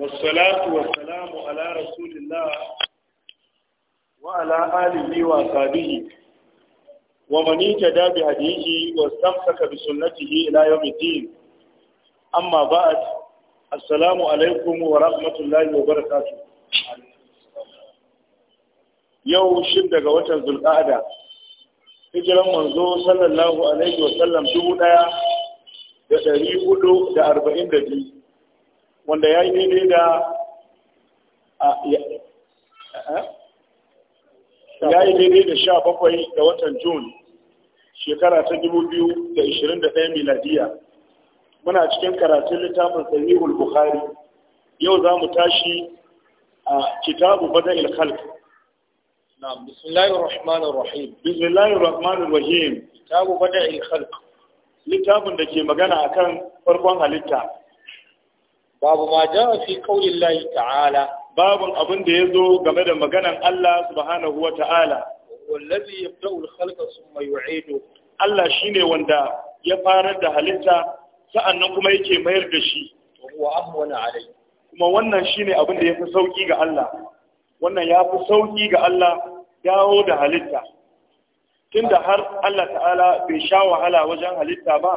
wasalatu wasalamu ala rasulillah wa ala alihi wa wa man yajda bi hadihi wastamsaka bi sunnatihi ila yawm al-din amma ba'd assalamu alaykum wa rahmatullahi wa barakatuh yau shin daga watan zulqa'da hijran manzo sallallahu alaihi wa sallam 1442 wanda ya yi daidai da eh, ya yi daidai da sha bakwai ga watan Jun shekara ta dubu biyu da ishirin da ɗaya miladiya muna cikin karatun littafin sahihul bukhari yau za mu tashi a kitabu bada ilkhalq نعم بسم الله الرحمن الرحيم بسم الله الرحمن الرحيم كتاب littafin da ke magana akan farkon halitta babu ma ja fi qaulin lahi ta'ala babun abin da ya zo game da maganan Allah subhanahu wa ta'ala wallazi yabda'u al-khalqa thumma yu'idu Allah shine wanda ya farar da halitta sa'annan kuma yake mayar da shi wa ahwana alai kuma wannan shine abin da yafi sauki ga Allah wannan yafi sauki ga Allah dawo da halitta tunda har Allah ta'ala bai sha wahala wajen halitta ba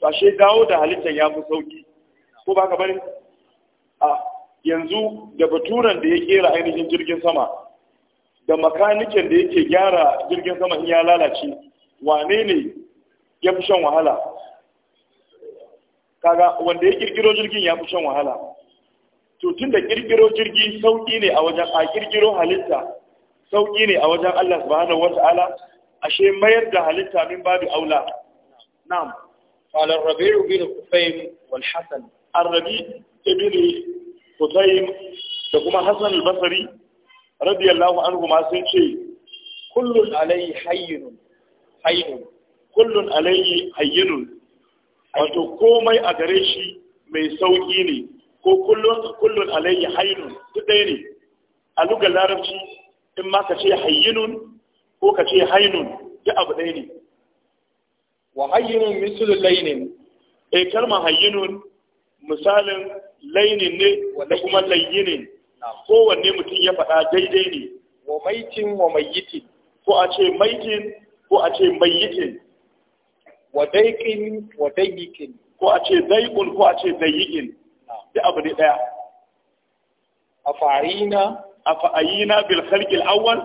to ashe dawo da halittan yafi sauki ko ba ka bari a yanzu da baturan da ya kera ainihin jirgin sama da makanikin da yake gyara jirgin sama in ya lalace wane ne ya fi shan wahala kaga wanda ya kirkiro jirgin ya fi shan wahala to tun da kirkiro jirgi sauƙi ne a wajen a kirkiro halitta sauƙi ne a wajen Allah subhanahu wata'ala ashe mayar da halitta min babu aula na'am qala rabi'u bin qufaym wal hasan Arrabi, ibn Qutaym da kuma Hassan al-Basri radiyallahu anhu ma sun ce kullun alayhi hayyun kullun wato komai a gare shi mai sauki ne ko kullun kullun alayhi hayyun duk ɗaya ne a lugar larabci in ma ka ce hayyun ko ka ce hayyun duk abu ɗaya ne wa hayyun mislu laynin eh kalma misalin lainin ne da kuma layyinin kowanne mutum ya faɗa daidai ne wa maitin wa mayyitin ko a ce maitin ko a ce mayyitin wa daiqin wa dayyikin ko a ce daiqun ko a ce dayyikin da abu ne daya a fa'ayina bil khalqil awwal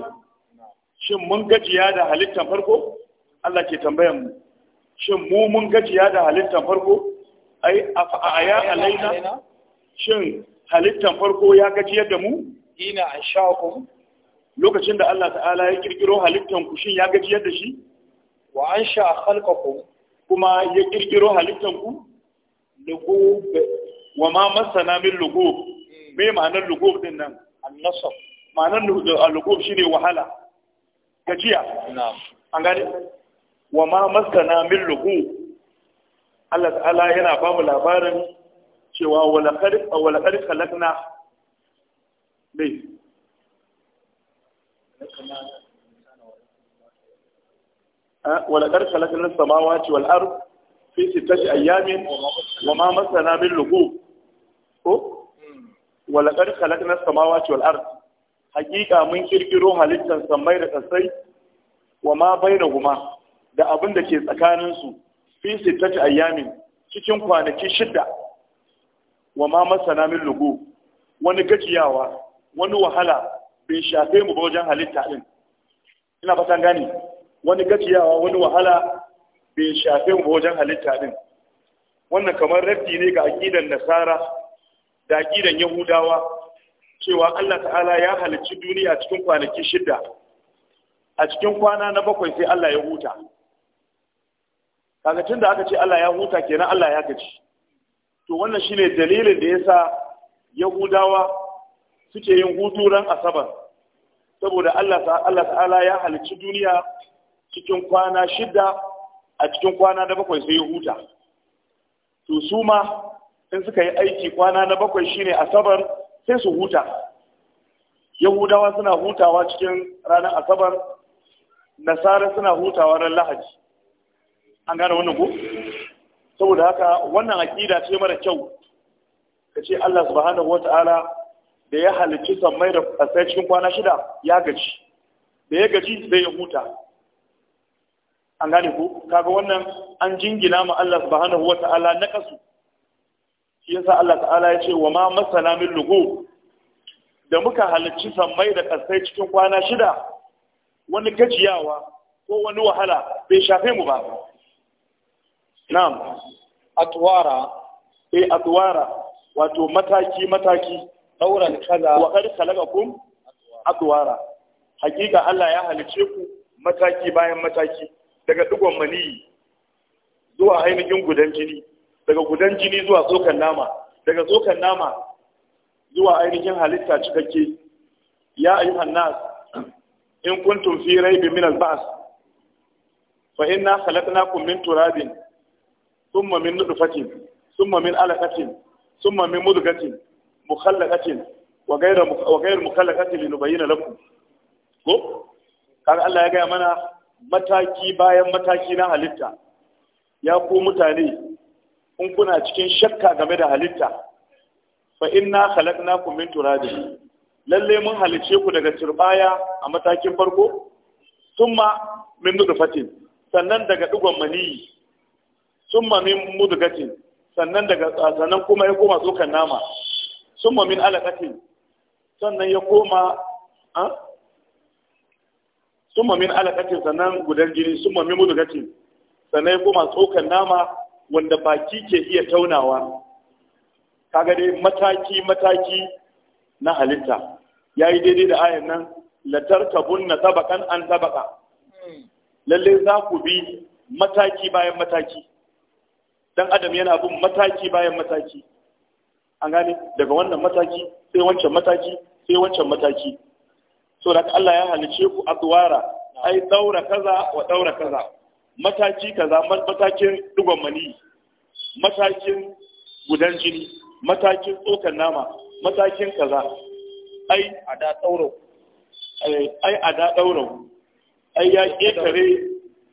shin mun gajiya da halittar farko Allah ke tambayar mu shin mu mun gajiya da halittar farko ai aya alaina shin halittan farko ya gajiyar da mu ina an lokacin da Allah ta'ala ya kirkiro halittan ku shin ya gajiyar da shi wa an sha kuma ya kirkiro halittan ku lugub wa ma masana min lugub hmm. me ma'anar lugub din nan annasab ma'anar lugub shine wahala gajiya na'am an gane wa ma masana min lugub Allah ta'ala yana ba mu labarin cewa walakar walakar kalakna ne ah, walakar kalakna samawati wal ard fi sittati ayamin wa ma masana min lughub ko walakar kalakna samawa wal ard hakika mun kirkiro halittar samai da kasai wa ma bainahuma da abin da ke tsakaninsu fi sittati ayyamin cikin kwanaki shidda wa ma masana min lugu wani gajiyawa wani wahala bai shafe mu ba wajen halitta din ina fatan gani wani gajiyawa wani wahala bai shafe mu ba wajen halitta din wannan kamar raddi ne ga aqidan nasara da aqidan yahudawa cewa Allah ta'ala ya halicci duniya cikin kwanaki shidda a cikin kwana na bakwai sai Allah ya huta kaga da aka ce Allah ya huta kenan Allah ya gaji to wannan shine dalilin da yasa yahudawa suke yin hutu ran asabar saboda Allah Allah ta'ala ya halicci duniya cikin kwana shida a cikin kwana na bakwai sai ya huta to su ma in suka yi aiki kwana na bakwai shine asabar sai su huta yahudawa suna hutawa cikin ranar asabar nasara suna hutawa ran lahadi an gane wannan ko saboda haka wannan aqida ce mara kyau ka ce Allah subhanahu wata'ala da ya halicci sammai da kasai cikin kwana shida ya gaji da ya gaji sai ya huta an gane ko kaga wannan an jingina ma Allah subhanahu wata'ala na kasu shi yasa Allah ta'ala ya ce wa ma masana min lugu da muka halicci sammai da kasai cikin kwana shida wani gajiyawa ko wani wahala bai shafe mu ba na'am atwara eh atwara wato mataki mataki dauran kaza wa qad khalaqakum atwara hakika Allah ya halice ku mataki bayan mataki daga digon maniyi zuwa ainihin gudan jini daga gudan jini zuwa tsokan nama daga tsokan nama zuwa ainihin halitta cikakke ya ayyuhan nas in kuntum fi raibin min al-ba's fa inna khalaqnakum min turabin summa min nutfatin summa min alaqatin summa min mudghatin mukhallaqatin wa ghayra wa ghayra mukhallaqatin linubayyana lakum ko kaga Allah ya gaya mana mataki bayan mataki na halitta ya ku mutane in kuna cikin shakka game da halitta fa inna khalaqnakum min turabin lalle mun halice ku daga turbaya a matakin farko summa min nutfatin sannan daga digon maniyi summa min mudgatin sannan daga sannan kuma ya koma tsokan nama summa min alaqatin sannan ya koma a ah? summa min alaqatin sannan gudan jini summa min mudgatin sannan ya koma tsokan nama wanda baki ke iya taunawa kaga dai mataki mataki na halitta yayi daidai da ayan nan na tabakan an tabaka hmm. lalle za ku bi mataki bayan mataki dan adam yana bin mataki bayan mataki an gane daga wannan mataki sai wancan mataki sai wancan mataki so da Allah ya halice ku azwara ai daura kaza wa daura kaza mataki kaza matakin dugon mani matakin gudan jini matakin tsokan nama matakin kaza ai a da dauro eh, ai a da ai ya ketare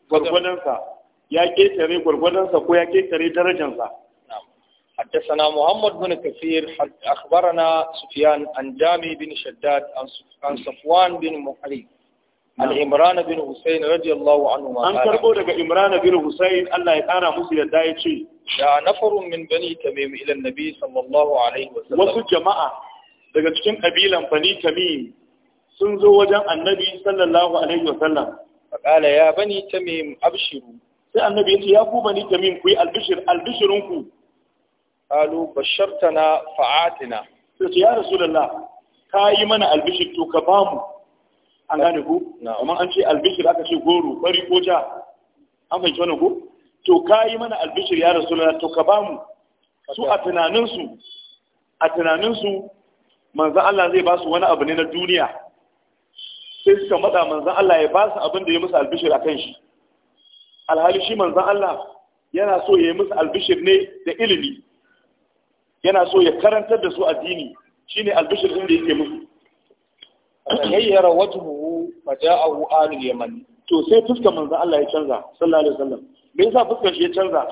gwargwadonsa ya ketare gwargwadonsa ko ya ketare darajansa حدثنا محمد بن كثير أخبرنا سفيان عن جامي بن شداد عن صفوان بن محريب عن عمران بن حسين رضي الله عنهما أن كربو لك عمران بن حسين الله يتعالى مسيح دايتشي جاء نفر من بني تميم إلى النبي صلى الله عليه وسلم وسو جماعة لك تكون قبيلا بني تميم سنزو وجه النبي صلى الله عليه وسلم فقال يا بني تميم أبشروا sai annabi yace ya kuma ni, Tamin, ku yi albishir albishirun ku qalu bashartana fa'atina sai ya rasulullah ka yi mana albishir to ka bamu an gane ku amma an ce albishir aka ce goro bari ko ja an fahimci wannan ku to ka yi mana albishir ya rasulullah to ka bamu su a tunaninsu a tunaninsu manzan Allah zai ba su wani abu ne na duniya sai suka matsa manzan Allah ya ba su abin da ya musu albishir a kan shi alhali shi manzan Allah yana so ya yi musu albishir ne da ilimi yana so ya karantar da su addini Shi ne albishir inda da yake musu tahayyara wajhuhu faja'ahu alul yaman to sai fuskar manzan Allah ya canza sallallahu alaihi wasallam me yasa fuskar shi ya canza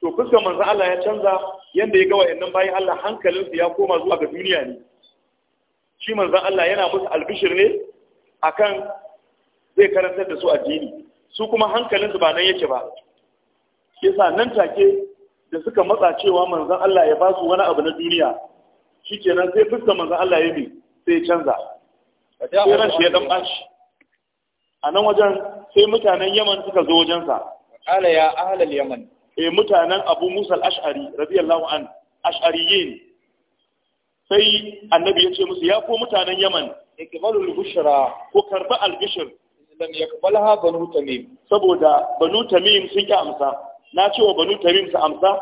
to fuskar manzan Allah ya canza yanda ya ga wayannan bayan Allah hankalinsu ya koma zuwa ga duniya ne shi manzan Allah yana musu albishir ne akan zai karantar da su addini su kuma su ba nan yake ba sa nan take da suka matsa cewa manzon Allah ya ba su wani abu na duniya shikenan sai fuskar manzon Allah ya bi sai ya canza sai ran shi ya dan bashi a nan wajen sai mutanen Yaman suka zo wajen sa ala ya ahlal Yaman eh mutanen Abu Musa al-Ash'ari radiyallahu an ash'ariyin sai annabi ya ce musu ya ko mutanen Yaman ikmalul bushra ko karba al bushra lam yakbalha banu tamim saboda banu tamim sun ki amsa na ce wa banu tamim su amsa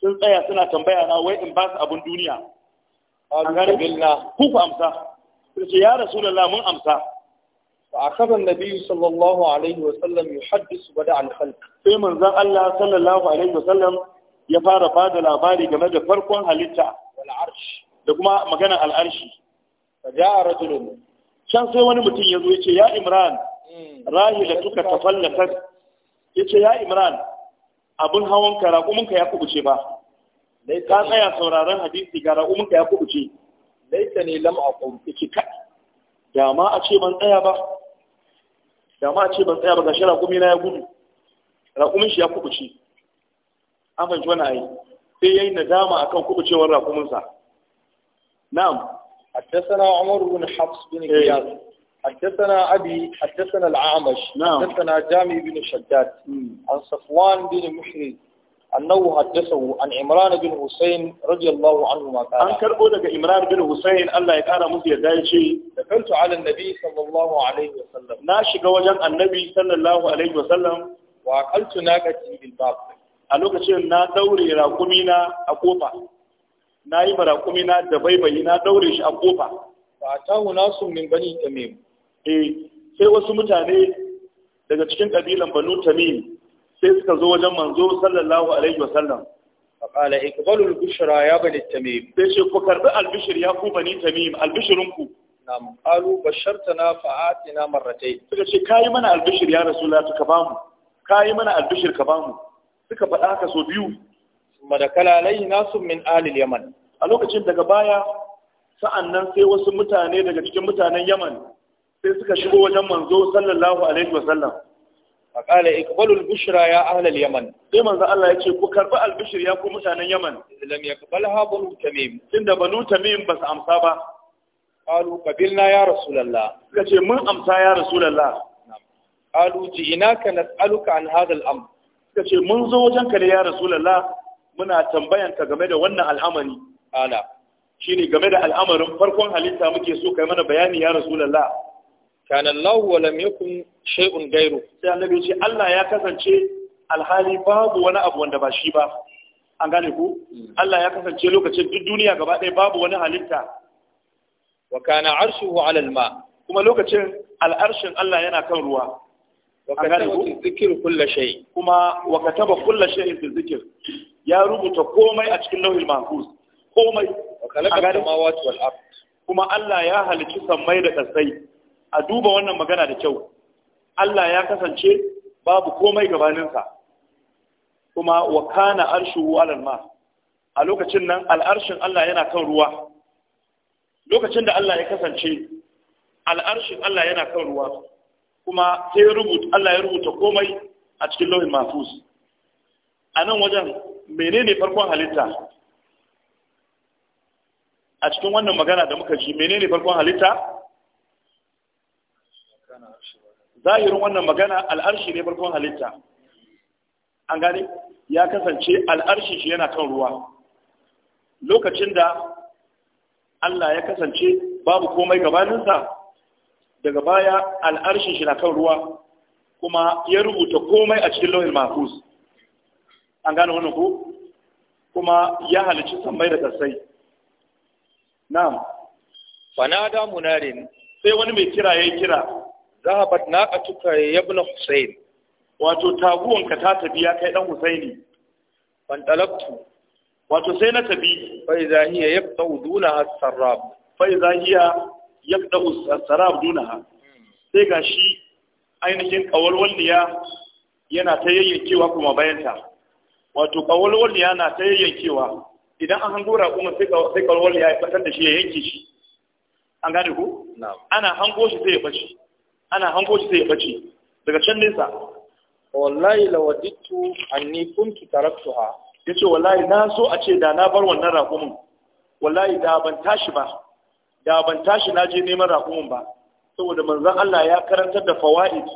sun tsaya suna tambaya na wai in ba su abun duniya an gane billah ku ku amsa sun ce ya rasulullah mun amsa fa akaba annabi sallallahu alaihi wa sallam yuhaddisu bada al khalq sai manzon Allah sallallahu alaihi wa sallam ya fara bada labari game da farkon halitta wal arsh da kuma magana al arshi fa ja'a rajulun can sai wani mutum ya zo ya ce ya imran Mm. rahilatuka ta yace ya imran abun hawan ka raƙumin ka ya kubuce ba dai ka tsaya sauraron hadisi ga raƙumin ka ya kubuce laita ne lam aqum yace ka da ma a ce ban tsaya ba da ma a ce ban tsaya ba ga shi raƙumi na ya gudu raƙumin shi ya kubuce an fahimci wani ayi sai yi nadama akan kubucewar raƙumin sa na'am حدثنا عمر بن حفص بن غياث حدثنا أبي حدثنا العامش نعم. حدثنا جامي بن شداد عن صفوان بن محرز أنه حدثه عن عمران بن حسين رضي الله عنهما قال أنكر أودك عمران بن حسين الله يقال مزي دايشي دخلت على النبي صلى الله عليه وسلم ناشق وجن النبي صلى الله عليه وسلم وأقلت ناقتي بالباب ألوك شيء نا دوري راقمينا أقوفا نايم راقمينا دبيبي نا دوريش أقوفا فأتاه ناس من بني تميم eh sai wasu mutane daga cikin kabilan banu tamim sai suka zo wajen manzo sallallahu alaihi wasallam فقال اقبلوا البشرى يا بني تميم sai ku karbi albishir ya ku bani tamim albishirinku nam qalu bashartana fa'atina marratayn suka ce kai mana albishir ya rasulullah suka bamu kai mana albishir ka bamu suka faɗa haka so biyu thumma dakala alayhi nasu min ali yaman a lokacin daga baya sa'annan sai wasu mutane daga cikin mutanen yaman sai suka shigo wajen manzo sallallahu alaihi wasallam a kala ikbalul bushra ya ahlal yaman sai manzo Allah ya ce ku karbi albishir ya ku mutanen yaman lam yakbalha banu tamim tunda banu tamim ba amsa ba qalu qabilna ya rasulullah suka ce mun amsa ya rasulullah qalu ji'inaka nas'aluka an hadha al-amr suka ce mun zo wajen ka ya rasulullah muna tambayan ka game da wannan al'amari ala shine game da al'amarin farkon halitta muke so kai mana bayani ya rasulullah kana Allah wa lam yakun shay'un ghayru sai annabi ce Allah ya kasance alhali babu wani abu wanda ba shi ba an gane ku Allah ya kasance lokacin duk duniya gaba ɗaya babu wani halitta wa kana arshuhu ala alma kuma lokacin al'arshin Allah yana kan ruwa wa kataba dhikr kulli shay kuma wa kataba kulli shay fi dhikr ya rubuta komai a cikin lauhil mahfuz komai wa khalaqa samawati wal ard kuma Allah ya halicci sammai da kasai a duba wannan magana da kyau Allah ya kasance babu komai gabaninsa kuma wa kana arshuhu alal ma a lokacin nan al'arshin Allah yana kan ruwa lokacin da Allah ya kasance al'arshin Allah yana kan ruwa kuma sai ya rubuta Allah ya rubuta komai a cikin lauhin mafus a nan wajen menene farkon halitta a cikin wannan magana da muka ji menene farkon halitta zahirin wannan magana al'arshi ne farkon halitta an gane ya kasance al'arshi shi yana kan ruwa lokacin da Allah ya kasance babu komai gabaninsa daga baya al'arshi shi na kan ruwa kuma ya rubuta komai a cikin lauhin mafus an gane wannan ku kuma ya halici sammai da tasai na'am fanada munarin sai wani mai kira yi kira zahabat naqatuka ya ibn husayn wato taguwanka ta tafi ya kai dan husaini ban talabtu wato sai na tafi fa idza hiya yabda'u dunaha sarrab fa idza hiya yabda'u sarrab ha sai ga shi ainihin kawalwalliya yana ta yayyankewa kuma bayanta wato kawalwalliya na ta yayyankewa idan an hango raƙumin sai kawalwalliya ya fatar da shi ya yanke shi an gane ku ana hango shi sai ya bace ana hango shi sai ya bace daga can nesa wallahi lawadittu anni kuntu taraktuha yace wallahi na so a ce da na bar wannan raƙumin wallahi da ban tashi ba da ban tashi na je neman raƙumin ba saboda manzon Allah ya karantar da fawaid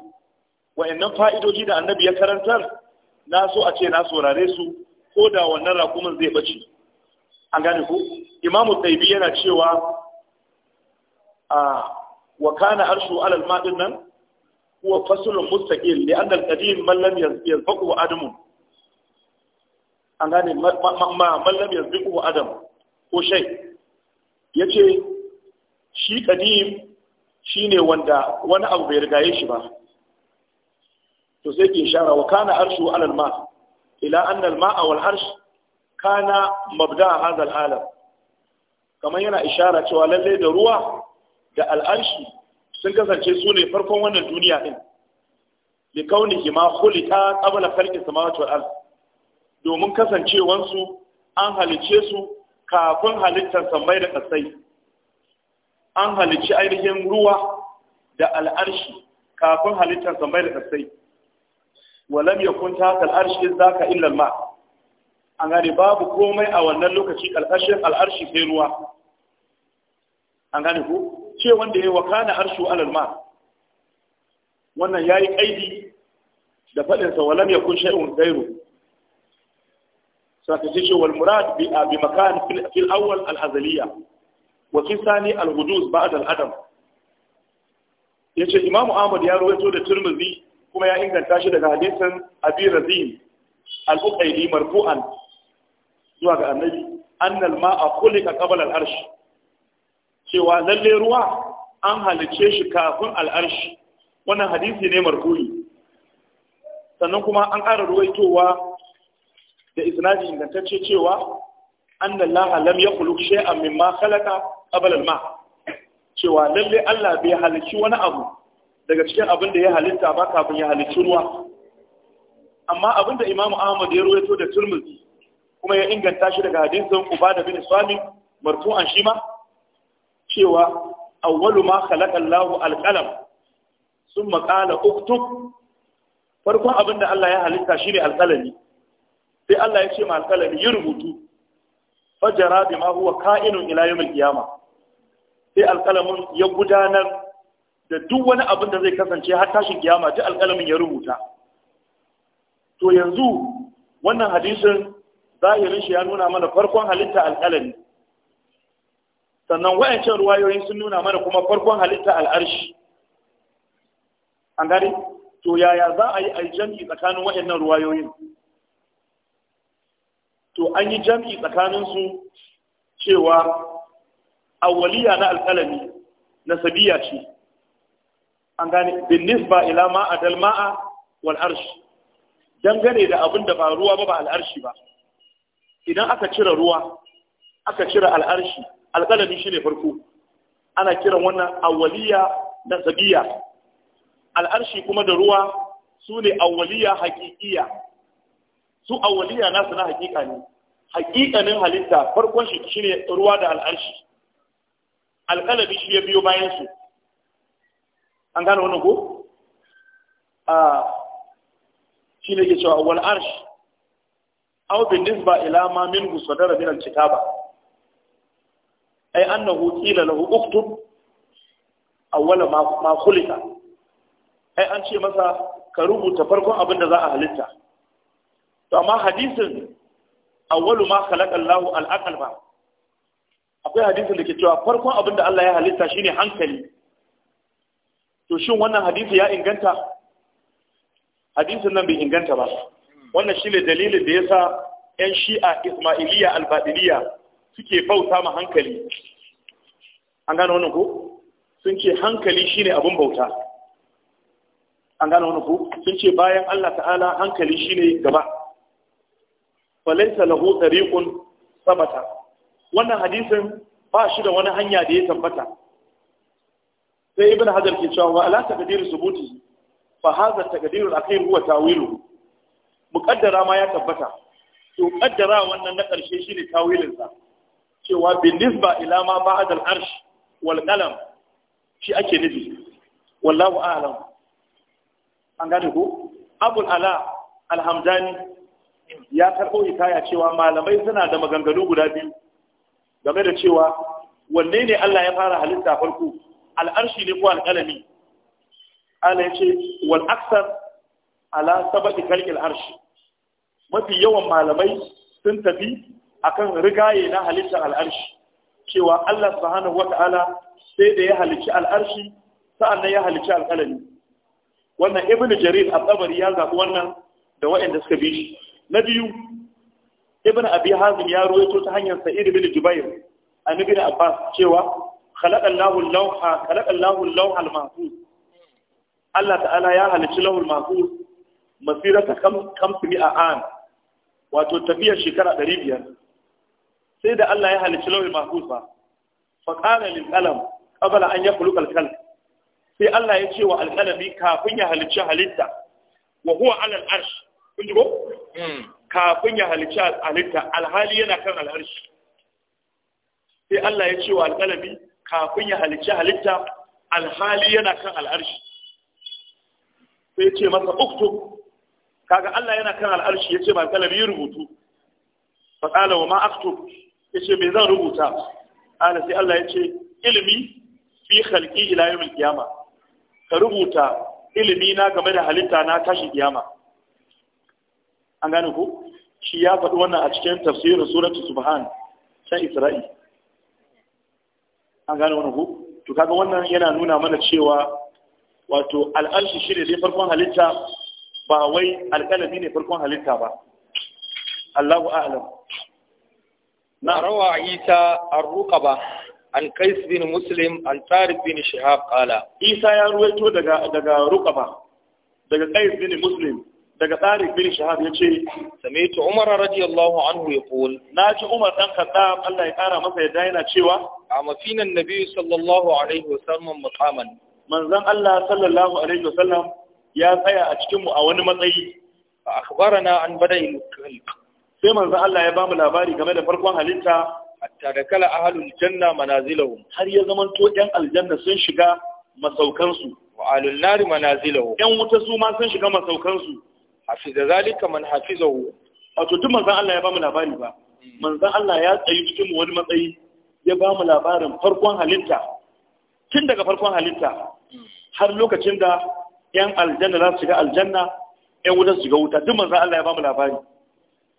wa'annan fa'idoji da annabi ya karantar na so a ce na saurare su ko da wannan raƙumin zai bace an gane ku. imamu taibi yana cewa a ah, wa kana arshu alal ma'din nan huwa faslun mustaqil li anna al-qadim man lam yasbiqhu adamu an gane ma man lam yasbiqhu adam ko shay yace shi qadim shine wanda wani abu bai rigaye shi ba to sai ke shara wa kana arshu alal ma ila anna al ma'a wal arsh kana mabda hadha al alam kamar yana ishara cewa lallai da ruwa da al'arshi sun kasance su ne farkon wannan duniya din li ke ma ta qabla khalqi samawati wal ard domin kasancewansu an halice su kafin halittar sammai da kasai an halici ainihin ruwa da al'arshi kafin halittar sammai da kasai walam kun ta al'arshi za ka illar ma an gane babu komai a wannan lokaci ƙarƙashin al'arshi sai ruwa an gane ku ce wanda ya wakana arshu alal ma wannan yayi kaidi da fadin sa walam yakun shay'un ghairu saka ce wal murad bi bi makan fil awwal al azaliya wa fi al hudus ba'da al adam yace imam ahmad ya rawaito da tirmidhi kuma ya inganta shi daga hadisin abi razim al uqayli marfu'an zuwa ga annabi annal ma'a khuliqa qabla al arsh cewa lalle ruwa an halice shi kafin al'arshi wannan hadisi ne marfu'i sannan kuma an ƙara ruwaitowa da isnadi ingantacce cewa an da laha lam ya shay'an mimma khalaqa qabla al-ma cewa lalle Allah bai halici wani abu daga cikin abin da ya halitta ba kafin ya halici ruwa amma abin da Imam Ahmad ya ruwaito da Tirmidhi kuma ya inganta shi daga hadisin Ubada bin Salim marfu'an shi ma cewa awwalu ma khalaqa Allahu al-qalam summa qala uktub farkon abin da Allah ya halitta shine alƙalami sai Allah ya ce ma alƙalami yi rubutu fajara bima huwa ka'inun ila yawmil qiyama sai alƙalamin ya gudanar da duk wani abin da zai kasance har tashin kiyama duk alƙalamin ya rubuta to yanzu wannan hadisin zahirin shi ya nuna mana farkon halitta alƙalami sannan cin ruwayoyin sun nuna mana kuma farkon halitta al'arshi an gari to yaya za a yi a jam'i tsakanin nan ruwayoyin to an yi jam'i tsakaninsu cewa awwaliya na alƙalami sabiya ce an gane bin nisba ila ma'a dal ma'a wal dangane da abin da ba ruwa ba ba al'arshi ba idan aka cire ruwa aka cire al'arshi alƙalami ne farko ana kiran wannan awaliya da sabiya al'arshi kuma da ruwa su ne awaliya haƙiƙiya su awaliya nasu na haƙiƙa ne haƙiƙanin halitta farkon shi shi ne ruwa da al'arshi alƙalami shi ya biyo bayan su an gane wannan ko a ne ke cewa wal arshi aw bin nisba ila ma min gusadara min al kitaba ai annahu qila lahu uktub awwala ma khuliqa ai an ce masa ka rubuta farkon abin da za a halitta to amma hadisin awwalu ma khalaqa Allahu al-aqal ba akwai hadisin da ke cewa farkon abin da Allah ya halitta shine hankali to shin wannan hadisi ya inganta hadisin nan bai inganta ba wannan shine dalilin da yasa 'yan shi'a ismailiya albadiliya suke bauta ma hankali an gano wannan ko sun ce hankali shine abun bauta an gano wannan ko sun ce bayan Allah ta'ala hankali shine gaba falaysa lahu tariqun sabata wannan hadisin ba shi da wani hanya da ya tabbata sai ibn hajar ke cewa wa ala taqdir subuti fa hadha taqdiru al-akhir huwa tawilu muqaddara ma ya tabbata to kaddara wannan na karshe shine tawilin sa cewa bin ila ma ba'd al-arsh wal shi ake nufi wallahu a'lam an gane ko abul ala alhamdani ya karɓo hikaya cewa malamai suna da maganganu guda biyu game da cewa wanne ne Allah ya fara halitta farko al'arshi ne ko alƙalami Allah ya ce wal aksar ala sabati kalkil arshi mafi yawan malamai sun tafi akan rigaye na halittar al'arshi cewa Allah subhanahu wata'ala sai da ya halicci al'arshi sa'annan ya halicci alƙalami wannan Ibn jarir al ya zaɓi wannan da waɗanda suka bi shi na biyu ibnu abi ya rawaito ta hanyar sa'id ibn jubair an ibn abbas cewa khalaqa Allahu masu Allah ta'ala ya halici lawhul mahfuz masirata a an wato tafiyar shekara 500 sai da Allah ya halicci lauhi mahfuz ba fa qala lil qalam qabla an yakhluqa al qalam sai Allah ya ce wa alqalami kafin ya halicci halitta wa huwa ala al arsh kun ji ko hmm. kafin ya halicci halitta alhali yana kan al arsh sai Allah ya ce wa alqalami kafin ya halicci halitta alhali yana kan al arsh sai ya ce masa uktub kaga Allah yana kan al'arshi ya ce ba kalami yi rubutu faƙala wa ma aktub ce me zan rubuta ana sai Allah ya ce ilimi fi halki ila yawmin kiyama ka rubuta ilimi na game da halitta na tashi kiyama an gane ku shi ya faɗi wannan a cikin tafsirin suratu subhan ta isra'i an gane wannan ku to kaga wannan yana nuna mana cewa wato al'arshi shi ne farkon halitta ba wai alƙalami ne farkon halitta ba Allahu a'lam na rawa isa ar an kais bin muslim an tarif bin shihab qala isa ya ruwaito daga daga ruqaba daga kais bin muslim daga tarif bin shihab yace sami'tu umar radiyallahu anhu yaqul naji umar ɗan khattab Allah ya kara masa yadda yana cewa amma fina annabi sallallahu alaihi wasallam maqaman manzon Allah sallallahu alaihi wasallam ya tsaya a cikin mu a wani matsayi akhbarana an bada'il sai manzo Allah ya ba mu labari game da farkon halitta hatta da kala ahlul janna manazilahum har ya zaman to ɗan aljanna sun shiga masaukansu wa ahlul nari manazilahum ɗan wuta su ma sun shiga masaukansu hafiza zalika man hafizahu wato duk manzo Allah ya ba mu labari ba manzo Allah ya tsayi cikin wani matsayi ya ba mu labarin farkon halitta tun daga farkon halitta har lokacin da ‘yan aljanna za su shiga aljanna ‘yan wuta su shiga wuta duk manzan Allah ya ba mu labari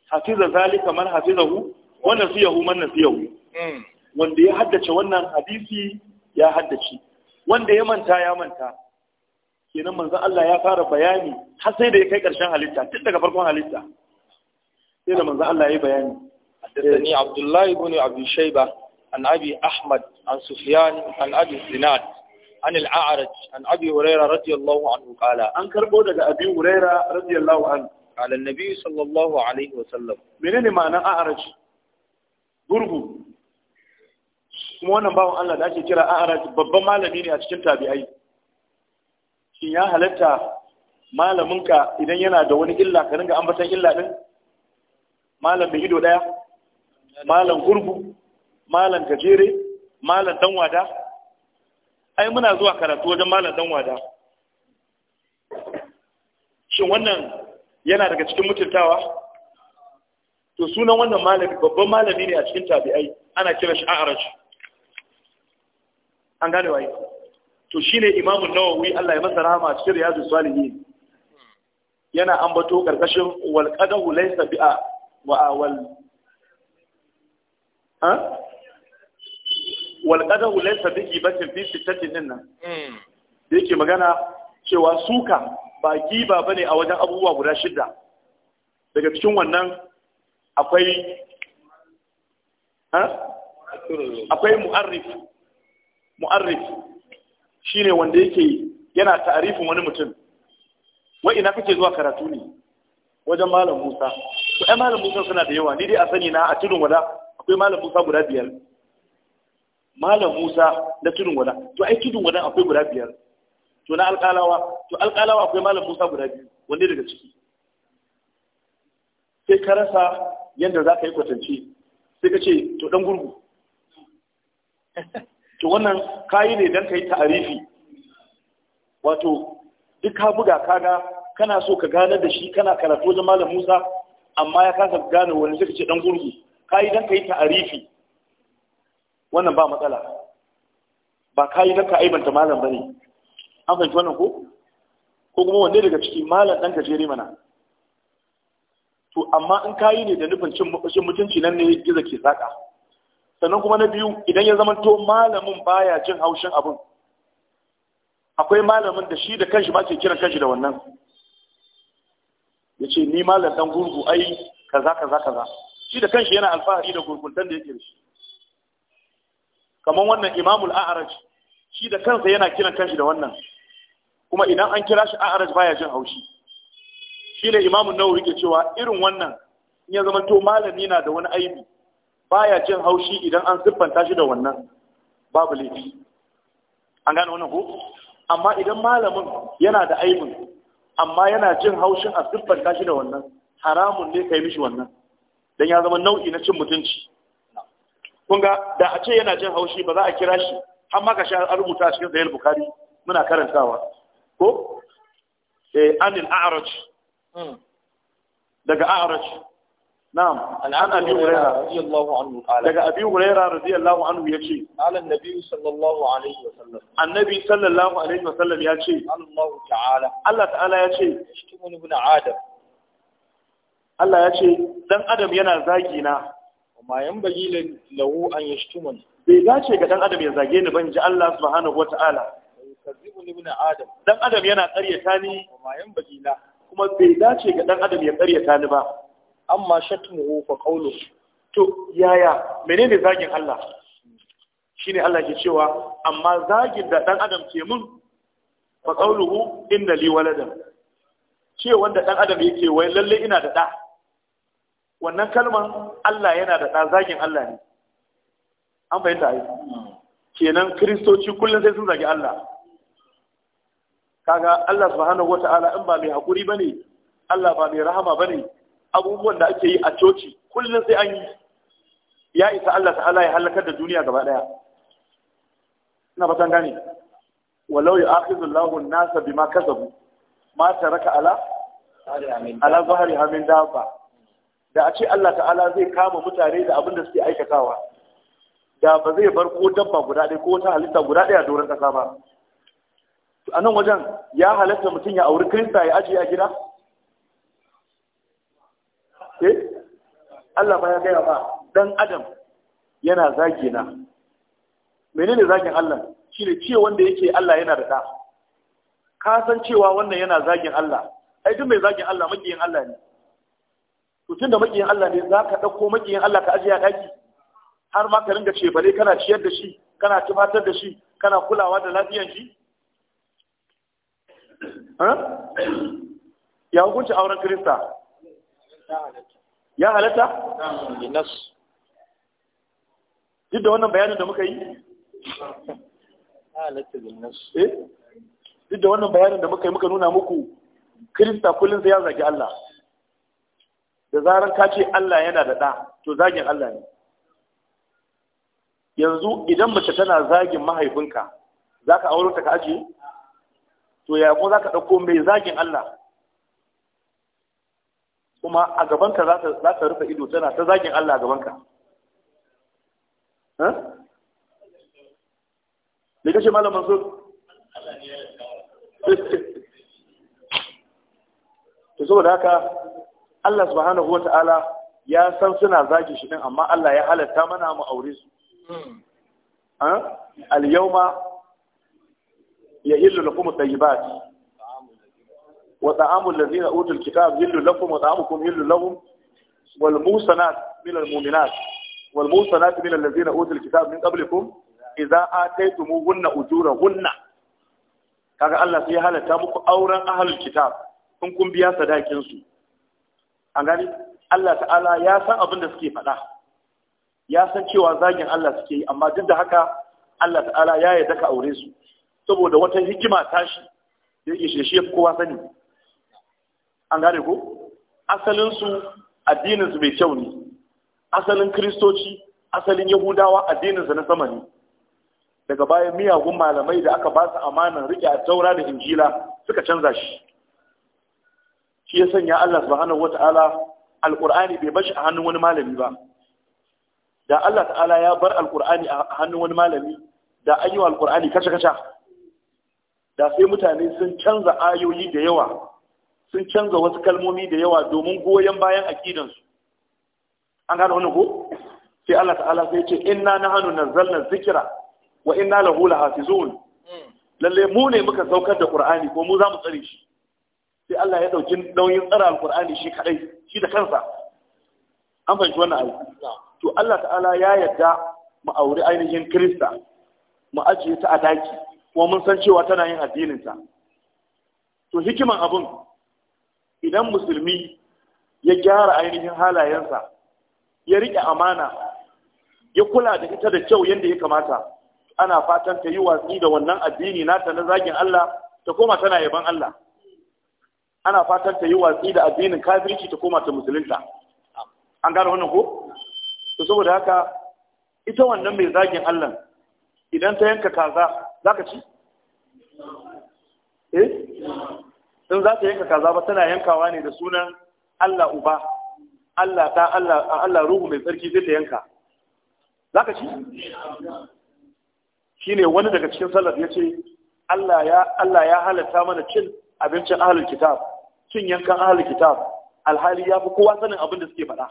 hafiza zalika man hafizahu wa nasiyahu man nasiyahu hmm. wanda ya haddace wannan hadisi ya haddace wanda ya manta ya manta kenan manzon Allah ya fara bayani har sai da ya kai karshen halitta tun daga farkon halitta sai da manzon Allah ya yi bayani حدثني عبد الله بن أبي شيبة عن أبي أحمد عن سفيان عن أبي الزناد عن الأعرج عن أبي هريرة رضي الله عنه قال أنكر بودك أبي هريرة رضي الله عنه ala nabi sallallahu alaihi sallam. menene ma'anar a'araj gurgu kuma wannan bawon Allah da ake kira a'araj babban malami ne a cikin tabi'ai shin ya halatta malaminka idan yana da wani illa ka ringa ambatan illa din malam mai ido daya malam gurgu malam gajere malam dan wada ai muna zuwa karatu wajen malam dan wada shin wannan yana daga cikin mutuntawa to sunan wannan malami babban malami ne a cikin tabi'ai ana kira shi a'araj an gane waye to shine imamu nawawi Allah ya masa rahama a cikin riyadus salihin yana ambato karkashin wal qadahu laysa bi'a wa awal ha wal qadahu laysa bi gibatin fi sittatin nan hmm. da yake magana cewa suka ba giba ba ne a wajen abubuwa guda shidda daga cikin wannan akwai akwai mu'arif shi shine wanda yake yana ta'arifin wani mutum wai ina kake zuwa karatu ne wajen malam Musa to ai malam Musa suna da yawa ni dai a sani na a tudun wada akwai malam Musa guda biyar malam Musa na tudun wada to ai tudun wada akwai guda biyar to na alƙalawa to alƙalawa akwai malam musa guda biyu wanne daga ciki sai ka rasa yadda za ka yi kwatance sai ka ce to ɗan gurgu to wannan kayi ne don ka yi ta'arifi wato duk ka buga kaga kana so ka gane da shi kana karatu wajen malam musa amma ya kasa gane wani sai ka ce ɗan gurgu kayi don ka yi ta'arifi wannan ba matsala ba kayi don ka aibanta malam ba ne an fahimci wannan ko ko kuma wanne daga ciki malam ɗan gajere mana to amma in kayi ne da nufin cin mutunci nan ne gizo ke saƙa sannan kuma na biyu idan ya zamanto malamin baya jin haushin abin akwai malamin da shi da kanshi ma ke kiran kanshi da wannan ya ce ni malam ɗan gurgu ai kaza kaza kaza shi da kanshi yana alfahari da gurguntan da yake da shi kamar wannan imamul a'araj shi da kansa yana kiran kanshi da wannan kuma idan an kira shi a'araj baya jin haushi shi ne imamu nawawi ke cewa irin wannan in ya zama to malami na da wani aibi baya jin haushi idan an siffanta shi da wannan babu laifi an gane wannan ko amma idan malamin yana da aibin amma yana jin haushin a siffanta shi da wannan haramun ne kai mishi wannan dan ya zama nau'i na cin mutunci kun ga da a ce yana jin haushi ba za a kira shi har ma ka sha rubuta cikin sahih bukhari muna karantawa ko eh anil a'raj hmm. daga a'raj na'am an abi hurairah radiyallahu anhu qala daga abi hurairah radiyallahu anhu yace qala an-nabi sallallahu alaihi wa wasallam annabi sallallahu alaihi wa sallam yace Allah ta'ala Allah ta'ala yace ishtumuni ibn adam Allah yace dan adam yana zagi na ma yanbaghi lahu an yashtumani bai dace ga dan adam ya zage ni ban ji Allah subhanahu wa ta'ala kazibu ibn adam dan adam yana karyata ni mayan bagila kuma bai dace ga dan adam ya karyata ni ba amma shatmuhu fa qawlu to yaya menene zagin Allah shine Allah ke cewa amma zagin da dan adam ke mun fa qawluhu inna li waladan ce wanda dan adam yake wai lalle ina da da wannan kalman Allah yana da da zagin Allah ne an fahimta ai kenan kristoci kullum sai sun zagi Allah kaga Allah subhanahu wata'ala in ba mai hakuri bane Allah ba mai rahama bane abubuwan da ake yi a coci kullum sai an yi ya isa Allah ta'ala ya halakar da duniya gaba daya ina fatan gane walau ya akhidhu Allahu an-nasa bima kasabu ma taraka ala ala zahari hamin dafa. da a ce Allah ta'ala zai kama mutane da abin da suke aikatawa da ba zai bar ko dabba guda ɗaya ko wata halitta guda ɗaya doron ƙasa ba a nan wajen ya halatta mutum ya auri kirista ya ajiye a gida eh Allah ba ya gaya ba dan adam yana zagi na menene zagin Allah Shi ne, ce wanda yake Allah yana da ɗa. ka san cewa wannan yana zagin Allah ai mai zagin Allah makiyin Allah ne to da makiyin Allah ne za ka ɗauko makiyin Allah ka ajiye a ɗaki? har ma ka ringa ce bare kana ciyar da shi kana tufatar da shi kana kulawa da lafiyar shi ya hukunci auren kirista ya halatta duk da wannan bayanin da muka yi eh? duk da wannan bayanin da muka yi muka nuna muku kirista kullum sai ya zagi Allah da zaran ka ce Allah yana da ɗa to zagin Allah ne yanzu idan mace tana zagin mahaifinka za ka aurenta ka ajiye to ya ko za ka ɗauko mai zagin Allah kuma a gabanka za ta rufe ido tana ta zagin Allah a gabanka da kashe malam mansur to saboda haka Allah subhanahu wa ta'ala ya san suna zagin shi din amma Allah ya halatta mana mu aure su hmm. al-yawma yahillu lakum at-tayyibat wa ta'amu alladhina utul kitab yahillu lakum wa ta'amukum yahillu lahum wal musanat min al mu'minat wal musanat min alladhina utul kitab min qablikum idza ataytumuhunna ujurahunna kaga Allah sai ya halatta muku auren ahlul kitab in kun biya sadakin gani Allah ta'ala ya san abin da suke faɗa ya san cewa zagin Allah suke yi amma duk da haka Allah ta'ala ya yarda ka aure su saboda wata hikima tashi da yake shi kowa sani an gane ko asalinsu addininsu mai kyau ne asalin kristoci asalin yahudawa addininsu na sama ne daga bayan miyagun malamai da aka ba su amanan rike a taura da injila suka canza shi shi ya sanya Allah subhanahu wata'ala alqur'ani bai bashi a hannun wani malami ba da Allah ta'ala ya bar alqur'ani a hannun wani malami da an yi wa kaca kaca da sai mutane sun canza ayoyi da yawa sun canza wasu kalmomi da yawa domin goyon bayan aƙidansu. an gano wani ko sai Allah ta'ala sai ce inna nahnu nazzalna zikra wa inna lahu lahafizun lalle mu ne muka saukar da qur'ani ko mu za mu tsare shi sai Allah ya dauki nauyin tsara alqur'ani shi kadai shi da kansa an fahimci wannan ayi to Allah ta'ala ya yarda mu aure ainihin krista mu ajiye ta a daki kuma mun san cewa tana yin addininsa, to hikiman abin idan musulmi ya gyara ainihin halayensa ya riƙe amana ya kula da ita da kyau yadda ya kamata ana fatan ta yi watsi da wannan addini nata na zagin Allah ta koma tana yaban Allah ana fatan ta yi watsi da addinin kafirci ta koma ta musulunta an gane wannan ko to saboda haka ita wannan mai zagin Allah idan ta yanka kaza za ka ci? eh? sun za ta yanka kaza ba tana yankawa ne da sunan Allah uba Allah ta Allah ruhu mai tsarki zai ta yanka za ka ci? shi ne wani daga cikin sallar ya ce Allah ya halatta mana cin abincin ahalin kitab cin yankan ahalin kitab alhali ya fi kowa sanin abin da suke faɗa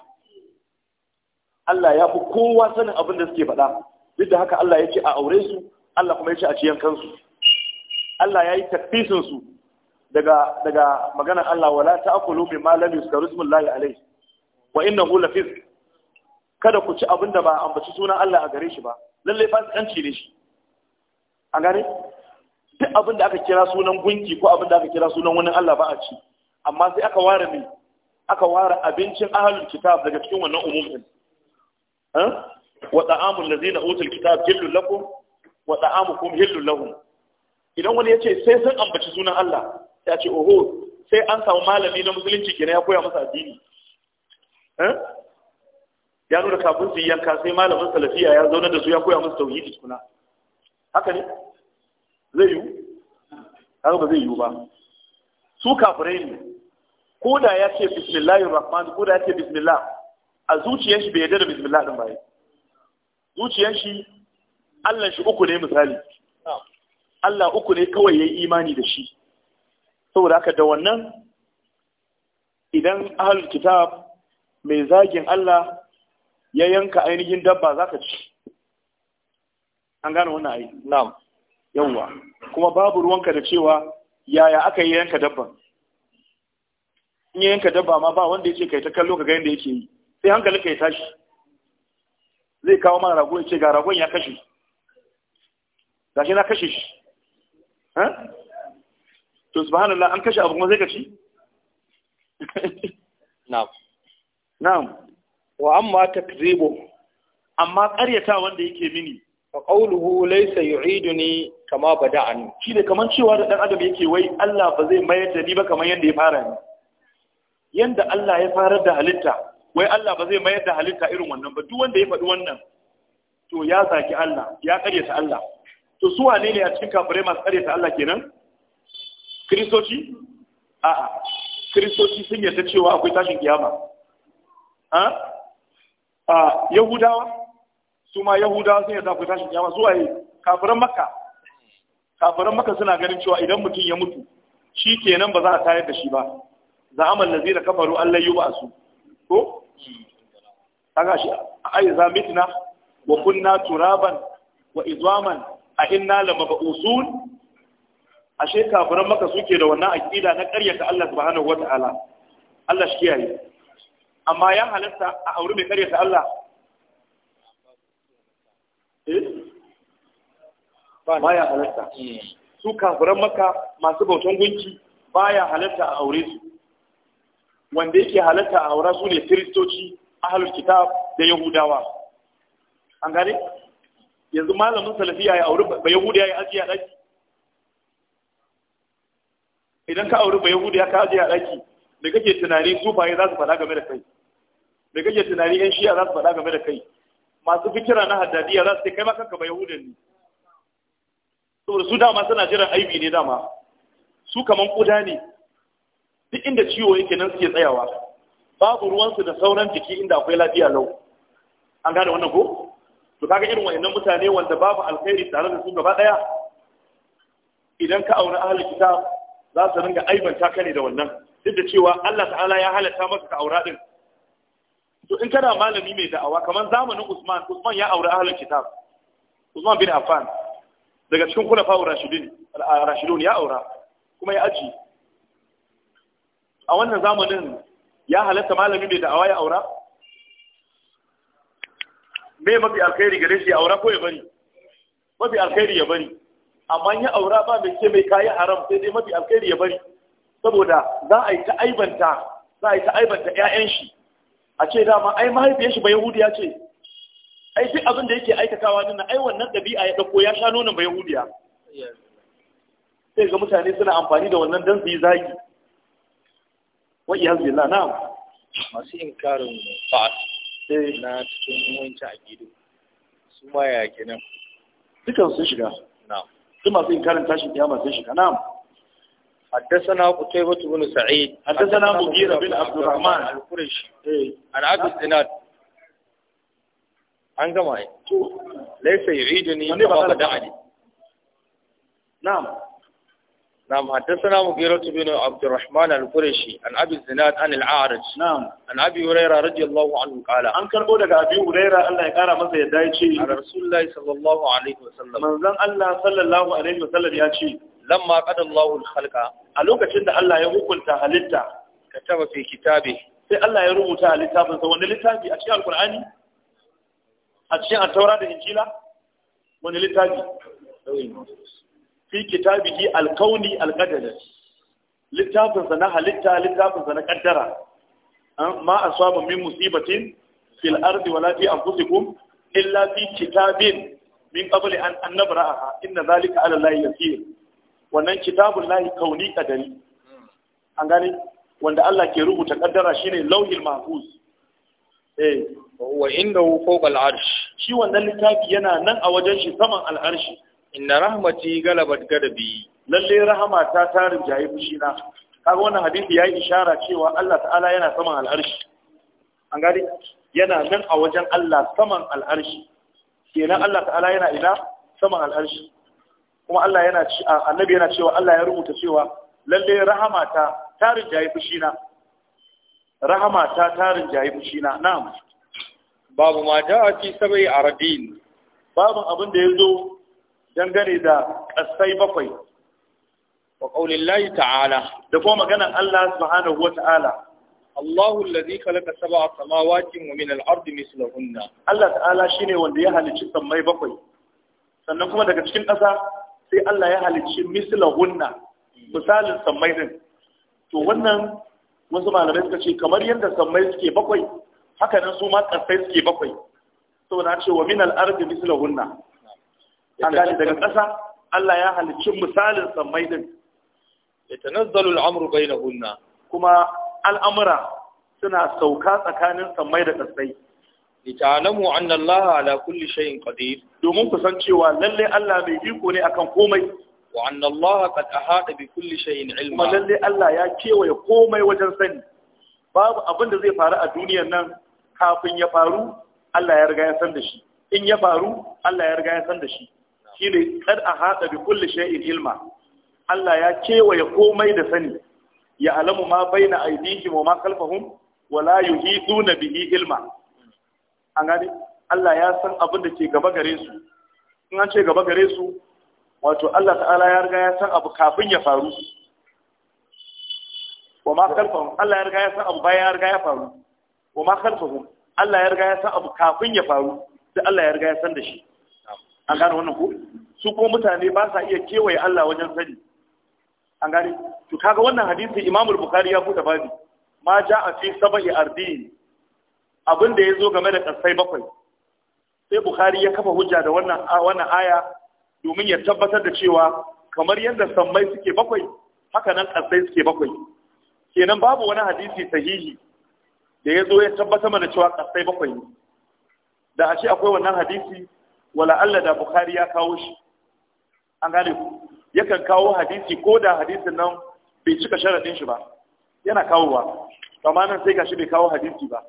Allah ya fi kowa sanin abin da suke faɗa duk da haka Allah ya ce a aure su Allah kuma ya ce a ciyan kansu Allah ya yi takfisin su daga daga maganar Allah wala ta'kulu mimma lam yuzkaru ismullahi alayhi wa innahu lafiz kada ku ci abinda ba ambaci sunan Allah a gare shi ba lalle ci ne shi a gare duk abinda aka kira sunan gunki ko abinda aka kira sunan wani Allah ba a ci amma sai aka ware mai aka ware abincin ahlul kitab daga cikin wannan umumin eh wa ta'amul ladzina utul kitab hillul lakum wa ta'amukum hillu lahum idan wani yace sai sun ambaci sunan Allah ya ce oho sai an samu malami na musulunci kenan ya koya masa addini eh ya nuna kafin su yanka sai malamin salafiya ya zauna da su ya koya musu tauhidi kuna. haka ne zai yiwu haka ba zai yiwu ba su kafirai ne ko da ya ce bismillahir rahman ko da ya ce bismillah a zuciyar shi bai yarda da bismillah din ba zuciyar shi Allah shi uku ne misali Allah uku ne kawai ya yi imani da shi saboda haka da wannan idan ahalul kitab mai zagin Allah ya yanka ainihin dabba za ka ci an gane wannan ayi na'am yawwa kuma babu ruwanka da cewa yaya aka yi yanka dabban in yanka dabba ma ba wanda ya ce kai ta kallo ka ga yadda yake yi sai hankali ka ya tashi zai kawo mana rago ya ce ga ragon ya kashe ga shi na kashe shi to subhanallah an kashe abu kuma zai kashi na'am na'am wa amma takzibu amma ƙaryata wanda yake mini fa qawluhu laysa yu'iduni kama shi shine kaman cewa da dan adam yake wai Allah ba zai mayar da ni ba kaman yanda ya fara ni yanda Allah ya farar da halitta wai Allah ba zai mayar da halitta irin wannan ba duk wanda ya faɗi wannan to ya zaki Allah ya karyata Allah to su wane ne a cikin kafirai masu karyata Allah kenan kristoci a'a kristoci sun yarda cewa akwai tashin kiyama a a yahudawa su ma yahudawa sun yarda akwai tashin kiyama su waye kafiran makka kafiran makka suna ganin cewa idan mutum ya mutu shi kenan ba za a tayar da shi ba za'amal lazina kafaru Allah ba su ko kaga shi ai za mitna wa kunna turaban wa izwaman a inna la mab'usun ashe kafiran maka suke da wannan aqida na ƙaryata Allah subhanahu wata'ala Allah shi yayi amma ya halatta a aure mai ƙaryata Allah eh? ba ya halatta hmm. su kafiran maka masu bautan gunki baya halatta a aure su wanda yake halatta a aura su ne kiristoci ahalul kitab da yahudawa an gane yanzu malamin salafiya ya auri ba yahudiya ya ajiye a ɗaki idan ka auri ba ya ka ajiye a ɗaki da kake tunani sufaye za su faɗa game da kai da kake tunani yan shiya za su faɗa game da kai masu fikira na haddadiya za su kai makanka kanka ba yahudan ne saboda su dama suna jiran aibi ne dama su kaman kuda ne duk inda ciwo yake nan suke tsayawa babu ruwansu da sauran jiki inda akwai lafiya lau an gane wannan ko to kaga irin wayannan mutane wanda babu alkhairi tare da su gaba daya idan ka aure ahli kitab za su ringa aibanta ka ne da wannan duk da cewa Allah ta'ala ya halatta maka ka aura din to in kana malami mai da'awa kamar zamanin Usman Usman ya aure ahli kitab Usman bin Affan daga cikin kulafa rashidun rashidun ya aura kuma ya aji a wannan zamanin ya halatta malami mai da'awa ya aura me mafi alkhairi gare shi ya aura ko ya bari mafi alkhairi ya bari amma ya aura ba mai ce mai kayi haram sai dai mafi alkhairi ya bari saboda za a yi ta aibanta za a yi ta aibanta ƴaƴan shi a ce dama ai mahaifiyar shi ba yahudiya ce ai duk abin da yake aikatawa din ai wannan ɗabi'a ya dauko ya sha nonon ba yahudiya sai ga mutane suna amfani da wannan dan su yi zagi wa iyaz billah na'am masu inkarin ba'at eh. na cikin wancan gido. su ma ya kenan dukan sun shiga na su masu karin tashin ya sun shiga na'am حدثنا قتيبة بن سعيد حدثنا مغيرة بن عبد الرحمن القرشي عن عبد الزناد عن جماعي ليس يعيدني كما بدعني نعم نعم حدثنا مغيرة بن عبد الرحمن القرشي عن أبي الزناد عن العارج نعم عن أبي هريرة رضي الله عنه قال عن كربو لك أبي هريرة الله يقال ماذا يدعي شيء عن رسول الله صلى الله عليه وسلم من ذن الله صلى الله عليه وسلم يا شيء لما قد الله الخلق ألوك شد الله يقول تهلتا كتب في كتابه sai Allah ya rubuta a littafinsa wani littafi a cikin alkur'ani a cikin attaura da injila wani littafi fi kitabihi alkauni alqadari littafin na halitta littafinsa na kaddara ma asaba min musibatin fil ardi wala fi anfusikum illa fi kitabin min qabli an annabraha inna zalika ala allahi yasir wannan kitabul lahi kauni kadari an gane wanda Allah ke rubuta kaddara shine lauhil mahfuz eh wa indahu fawqa al-arsh shi wannan littafi yana nan a wajen shi saman al-arshi inna rahmati galabat gadabi lalle rahama ta tarin jayi fushi na kaga wannan hadisi yayi ishara cewa Allah ta'ala yana saman al'arshi an gadi yana nan a wajen Allah saman al'arshi kenan Allah ta'ala yana ina saman al'arshi kuma Allah yana annabi yana cewa Allah ya rubuta cewa lalle rahama ta tarin jayi fushi na rahama ta tarin jayi fushi na na'am babu ma ja'a fi sabai arabin babu abin da yazo dangane da ƙasai bakwai wa qaulillahi ta'ala da kuma maganar Allah subhanahu wa ta'ala Allahu allazi khalaqa sab'a samawati wa min al-ardi mislahunna Allah ta'ala shi ne wanda ya halicci sammai bakwai sannan kuma daga cikin ƙasa sai Allah ya halicci mislahunna misalin sammai din to wannan wasu malamai suka ce kamar yadda sammai suke bakwai haka nan su ma ƙasai suke bakwai saboda ce wa min al-ardi mislahunna daga ƙasa Allah ya halicci misalin sammai din ya tanazzalu al'amru bainahunna kuma al'amura suna sauka tsakanin sammai da ƙasai lita'lamu anna Allah ala kulli shay'in qadir domin ku san cewa lalle Allah mai iko ne akan komai wa anna Allah qad ahata bi kulli shay'in ilma lalle Allah ya kewaye komai wajen sani babu abin da zai faru a duniyar nan kafin ya faru Allah ya riga ya san da shi in ya faru Allah ya riga ya san da shi shine kad a hada bi kulli shay'in ilma Allah ya kewaye komai da sani ya alamu ma baina aydihim wa ma khalfahum wa la yuhituna bihi ilma an gani Allah ya san abin da ke gaba gare su in an ce gaba gare su wato Allah ta'ala ya riga ya san abu kafin ya faru wa ma khalfahum Allah ya riga ya san abu bayan ya riga ya faru wa ma khalfahum Allah ya riga ya san abu kafin ya faru sai Allah ya riga ya san da shi an gane wannan ko su kuma mutane ba sa iya kewaye Allah wajen sani an gane to kaga wannan hadisi Imam Bukhari ya buɗe babi ma ja'a fi sabai ardi abin da yazo game da kasai bakwai sai Bukhari ya kafa hujja da wannan wannan aya domin ya tabbatar da cewa kamar yadda sammai suke bakwai haka nan kasai suke bakwai kenan babu wani hadisi sahihi da ya zo ya tabbatar mana cewa kasai bakwai ne da ashe akwai wannan hadisi wala Allah da Bukhari ya kawo shi an gane ku yakan kawo hadisi ko da hadisin nan bai cika sharaɗin shi ba yana kawowa amma nan sai gashi bai kawo hadisi ba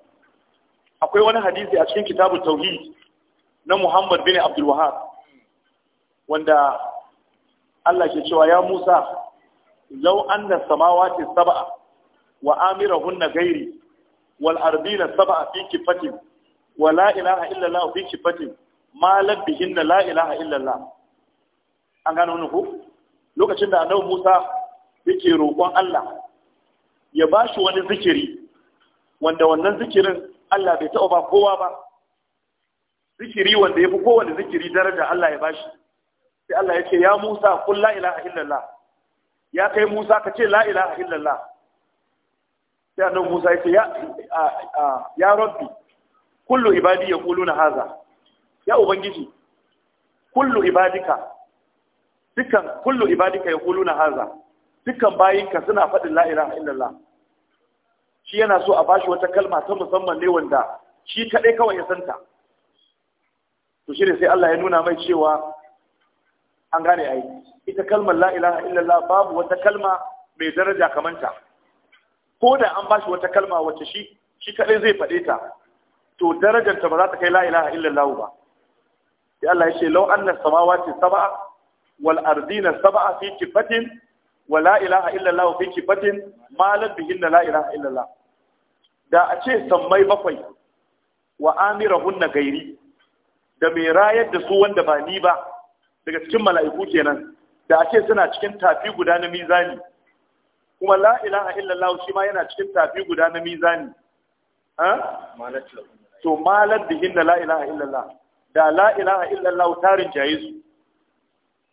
akwai wani hadisi a cikin kitabul tauhid na Muhammad bin Abdul Wahhab wanda Allah ke cewa ya Musa law anna samawati sab'a wa amirahunna ghairi wal ardina sab'a fi kifatin wa la ilaha illa Allah fi kifatin malar bihin da la'ilaha illallah an gano wani ku lokacin da annabi musa yake roƙon allah ya ba shi wani zikiri wanda wannan zikirin allah bai taɓa ba kowa ba zikiri wanda ya fi kowane zikiri daraja allah ya ba shi sai allah ya ce ya musa kun la'ilaha illallah ya kai musa ka ce la'ilaha illallah sai annabi musa ya ce ya rabbi kullu ibadi ya na haza ya ubangiji kullu ibadika dukkan kullu ibadika yaquluna haza dukkan bayinka suna faɗin la ilaha illallah shi yana so a bashi wata kalma ta musamman ne wanda shi kadai kawai ya santa to shi ne sai Allah ya nuna mai cewa an gane ai ita kalmar la ilaha illallah babu wata kalma mai daraja kamanta ko da an bashi wata kalma wacce shi shi kadai zai faɗe ta to ta ba za ta kai la ilaha illallah ba sai Allah ya ce law anna samawati sab'a wal ardina sab'a fi kifatin wa la ilaha illa Allah fi kifatin ma lam bihinna la ilaha illa Allah da a ce sammai bakwai wa amirahunna gairi da mai rayar da su wanda ba ni ba daga cikin mala'iku kenan da a ce suna cikin tafi guda na mizani kuma la ilaha illallah shi ma yana cikin tafi guda na mizani to malar bihin da la ilaha illallah da la ilaha illallah tarin jaye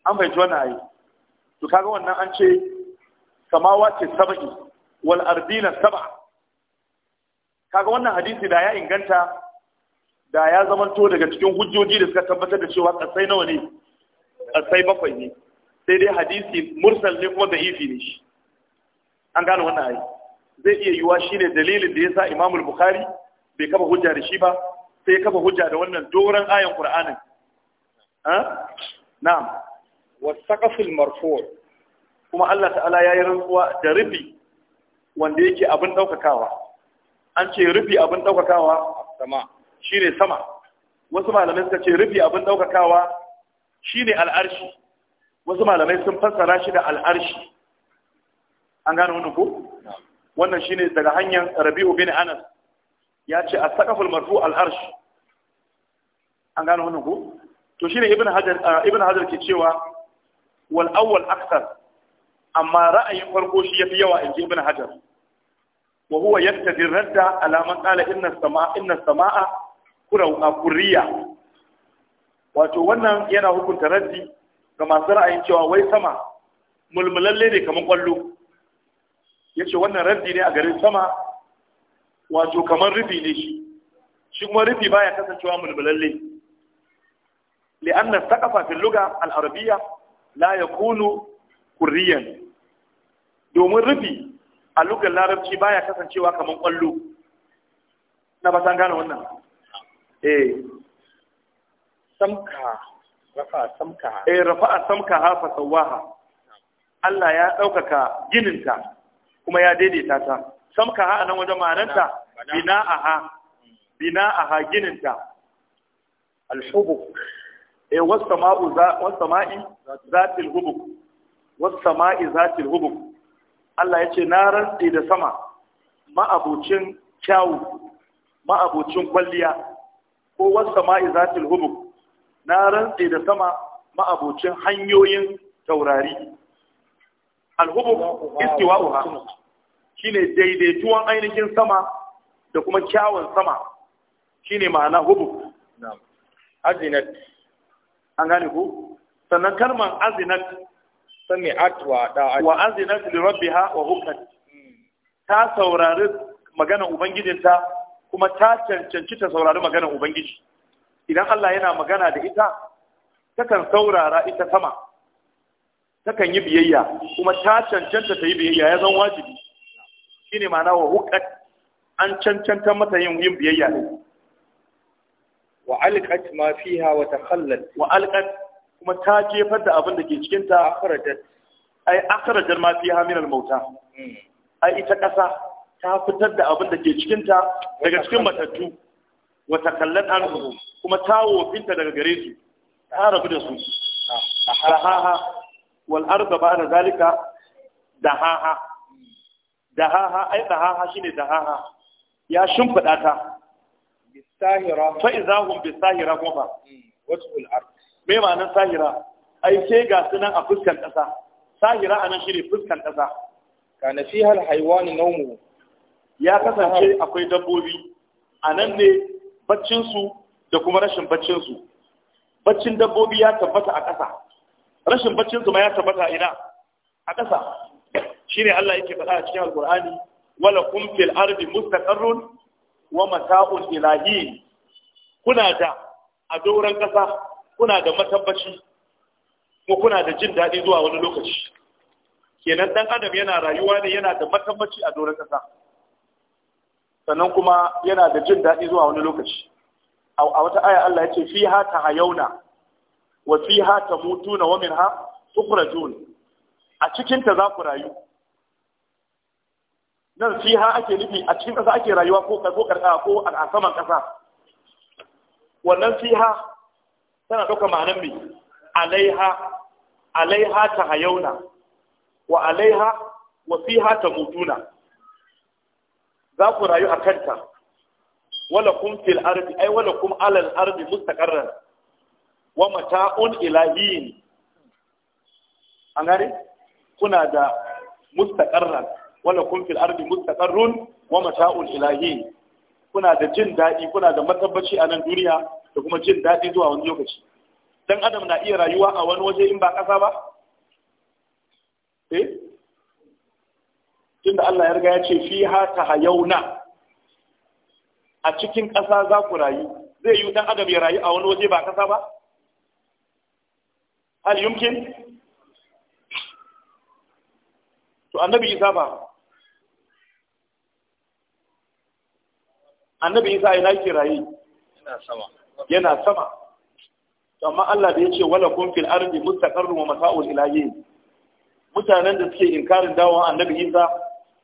an bai jona ayi to kaga wannan an ce Samawa ce saba'i wal ardina sab'a kaga wannan hadisi da ya inganta da ya zamanto daga cikin hujjoji da suka tabbatar da cewa kasai nawa ne kasai bakwai ne sai dai hadisi mursal ne kuma da ifi ne shi an gane wannan ayi zai iya yiwuwa shine dalilin da yasa Imam Bukhari bai kafa hujja da shi ba sai kafa hujja da wannan doron ayan qur'anin na'am wasaqafil marfu' kuma Allah ta'ala ya yi rantsuwa da rufi wanda yake abin daukakawa an ce rufi abin daukakawa sama shine sama wasu malamai suka ce rufi abin daukakawa shine al'arshi wasu malamai sun fassara shi da al'arshi an gane wannan ko wannan shine daga hanyar Rabi'u bin Anas ya ce a saƙaful marfu al'arshi an gano wannan ku? to shine ibn hajar ibn hajar ke cewa wal awwal amma ra'ayin farko shi ya fi yawa in ji ibn hajar wa huwa yaktadi radda ala man qala inna samaa kura samaa kuriya wato wannan yana hukunta raddi ga masu ra'ayin cewa wai sama mulmulalle ne kamar kwallo Ya ce wannan raddi ne a garin sama wato kamar rufi ne shi shi kuma rufi ba ya kasancewa mulmulalle li'anna ta fil lugha al arabiyya la yakunu kurriyan domin rufi a lugar larabci ba ya kasancewa kamar kwallo na ba san gane wannan eh samka rafa'a samka eh rafa'a samka ha fa sawaha Allah ya ɗaukaka gininta kuma ya daidaita ta samka ha nan wajen ma'ananta bina aha bina aha gininta e eh, wasama'u za wasama'i zatil wasu wasama'i zatil hubu, Allah ya ce na rantsi da sama ma'abucin kyawu ma'abucin kwalliya ko wasama'i zatil hubu, na rantsi da sama ma'abucin hanyoyin taurari alhubuk istiwa'uha shine daidaituwan ainihin sama da kuma kyawun sama shine ma'ana hubu azinat an gane ku sannan kalmar azinat ne atwa da wa azinat li rabbiha wa hukat hmm. ta saurari maganar ubangijinta kuma ta cancanci ta saurari maganar ubangiji idan Allah yana magana da ita takan saurara ita sama takan yi biyayya kuma ta cancanta ta yi biyayya ya zan wajibi shine ma'ana wa hukat an cancanta mata yin yin biyayya ne wa alqat ma fiha wa takhallat wa alqat kuma ta jefar da abin da ke cikin ta akhrajat ai akhrajat ma fiha min al-mauta hmm. ai ita kasa ta fitar da abin da ke cikin ta daga cikin matattu wa takallat anhu kuma ta wofinta daga gare su ta rabu da su ah, ahaha wal arda ba'da zalika da dahaha dahaha ai dahaha shine dahaha ya shimfida ta bisahira fa izahum bisahira kuma hmm, wajhul ard me ma'anar sahira ai ce ga sunan a fuskan kasa sahira anan shine fuskan kasa kana hal haywan nawmu ya kasance akwai dabbobi anan ne baccin su da kuma rashin baccin su baccin dabbobi ya tabbata a kasa rashin baccin su ma ya tabbata ina a kasa shine Allah yake faɗa a cikin alqur'ani wala kum fil ardi mustaqarrun wa mata'un ilahi kuna da a doron ƙasa kuna da matabbaci ko kuna da jin daɗi zuwa wani lokaci kenan dan adam yana rayuwa ne yana da matabbaci a doron ƙasa sannan kuma yana da jin daɗi zuwa wani lokaci a wata aya Allah fi ha fiha hayauna wa fiha tamutuna wa minha tukhrajun a cikin ta za ku rayu nan fiha ake nufi a cikin ƙasa ake rayuwa ko ko karkara ko a saman ƙasa wannan fiha tana ɗauka ma'anar mai alaiha alaiha ta hayauna wa alaiha wa ha ta mutuna za ku rayu a kanta wala kun fil ardi ai wala kun alal ardi mustaqarran wa mata'un ilahin an gare kuna da mustaqarran wala kun fil ardi mustaqarrun wa mata'ul ilahi kuna da jin daɗi kuna da matabbaci a nan duniya da kuma jin daɗi zuwa wani lokaci dan adam na iya rayuwa a wani waje in ba ƙasa ba eh tunda Allah ya riga ya ce fiha tahayuna a cikin ƙasa za ku rayu zai yi dan adam ya rayu a wani waje ba ƙasa ba hal yumkin to annabi isa ba annabi isa yana yake raye yana sama amma Allah da yace wala kun fil ardi mustaqarrun wa mata'ul ilahi mutanen da suke inkarin dawo annabi isa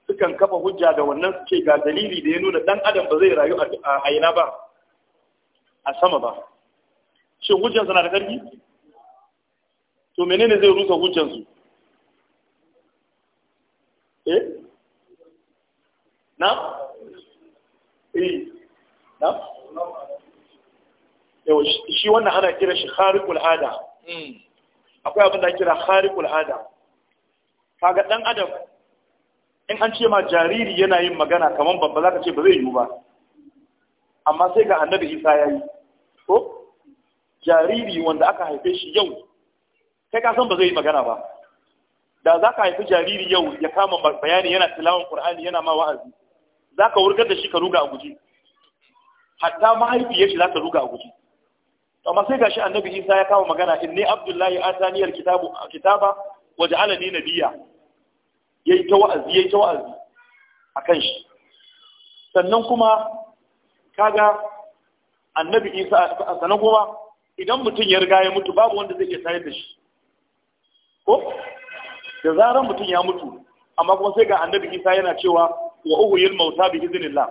sukan kafa hujja da wannan suke ga dalili da ya nuna dan adam ba zai rayu a ina ba a sama ba shin hujjansu na da karfi to menene zai rusa hujjansu eh na Eh, shi wannan ana kira shi khariqul ada hmm. akwai abin da kira khariqul ada kaga dan adam in an ce ma jariri yana yin magana kaman babba zaka ce ba zai yi ba amma sai ga annabi Isa yayi ko jariri wanda aka haife shi yau kai ka san ba zai yi magana ba da zaka haifi jariri yau ya kama bayani yana tilawon Qur'ani yana ma wa'azi za ka wurgar da shi ka ruga a guji hatta mahaifiyar shi za ka ruga a guji amma sai gashi annabi isa ya kama magana inni abdullahi ataniyar kitabu kitaba na biya nabiyya yayi ta wa'azi yayi ta wa'azi akan shi sannan kuma kaga annabi isa sannan kuma idan mutum ya riga ya mutu babu wanda zai iya sayar da shi ko da zaran mutum ya mutu amma kuma sai ga annabi isa yana cewa wa uhyil mauta bi iznillah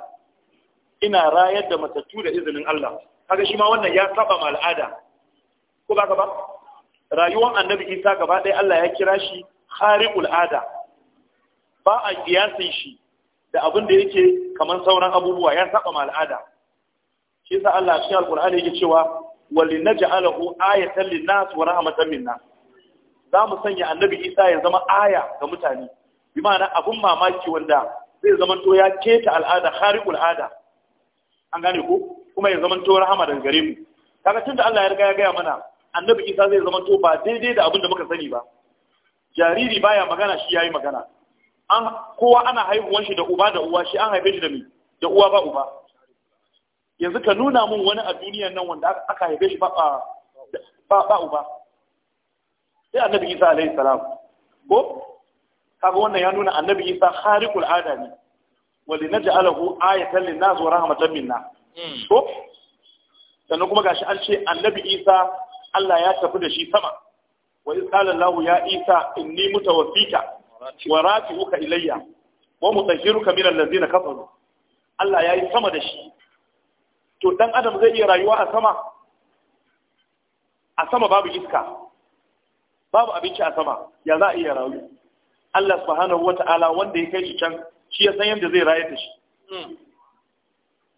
ina rayar da matattu da izinin Allah kaga shi ma wannan ya saba ma al'ada ko ba ka ba rayuwar annabi Isa gaba ɗaya Allah ya kira shi khariqul ada ba a kiyasin shi da abin da yake kamar sauran abubuwa ya saba ma al'ada shi yasa Allah cikin alqur'ani yake cewa walinaj'alahu ayatan lin-nas wa rahmatan minna za mu sanya annabi Isa ya zama aya ga mutane bi ma'ana abun mamaki wanda zai zamanto ya keta al'ada khariqul ada an gane ko kuma ya to rahama daga gare mu kaga tunda Allah ya riga ya gaya mana annabi Isa zai to ba daidai da abin da muka sani ba jariri baya magana shi yayi magana an kowa ana haihuwan shi da uba da uwa shi an haife shi da mi da uwa ba uba yanzu ka nuna mun wani a duniyar nan wanda aka haife shi ba ba uba sai annabi Isa alaihi salam ko kaga wannan ya nuna annabi isa khariqul ada ne wali naj'alahu ayatan linnas wa rahmatan minna to hmm. sannan kuma gashi an ce annabi isa Allah ya tafi da shi sama wa iz qala Allah ya isa inni mutawaffika wa rafi'uka ilayya wa mutahhiruka min allazina kafaru Allah ya yi sama da shi to dan adam zai iya rayuwa a sama a sama babu iska babu abinci a sama ya za a iya rayu Allah subhanahu ta'ala wanda ya kai shi can shi ya san yadda zai rayar da shi hmm.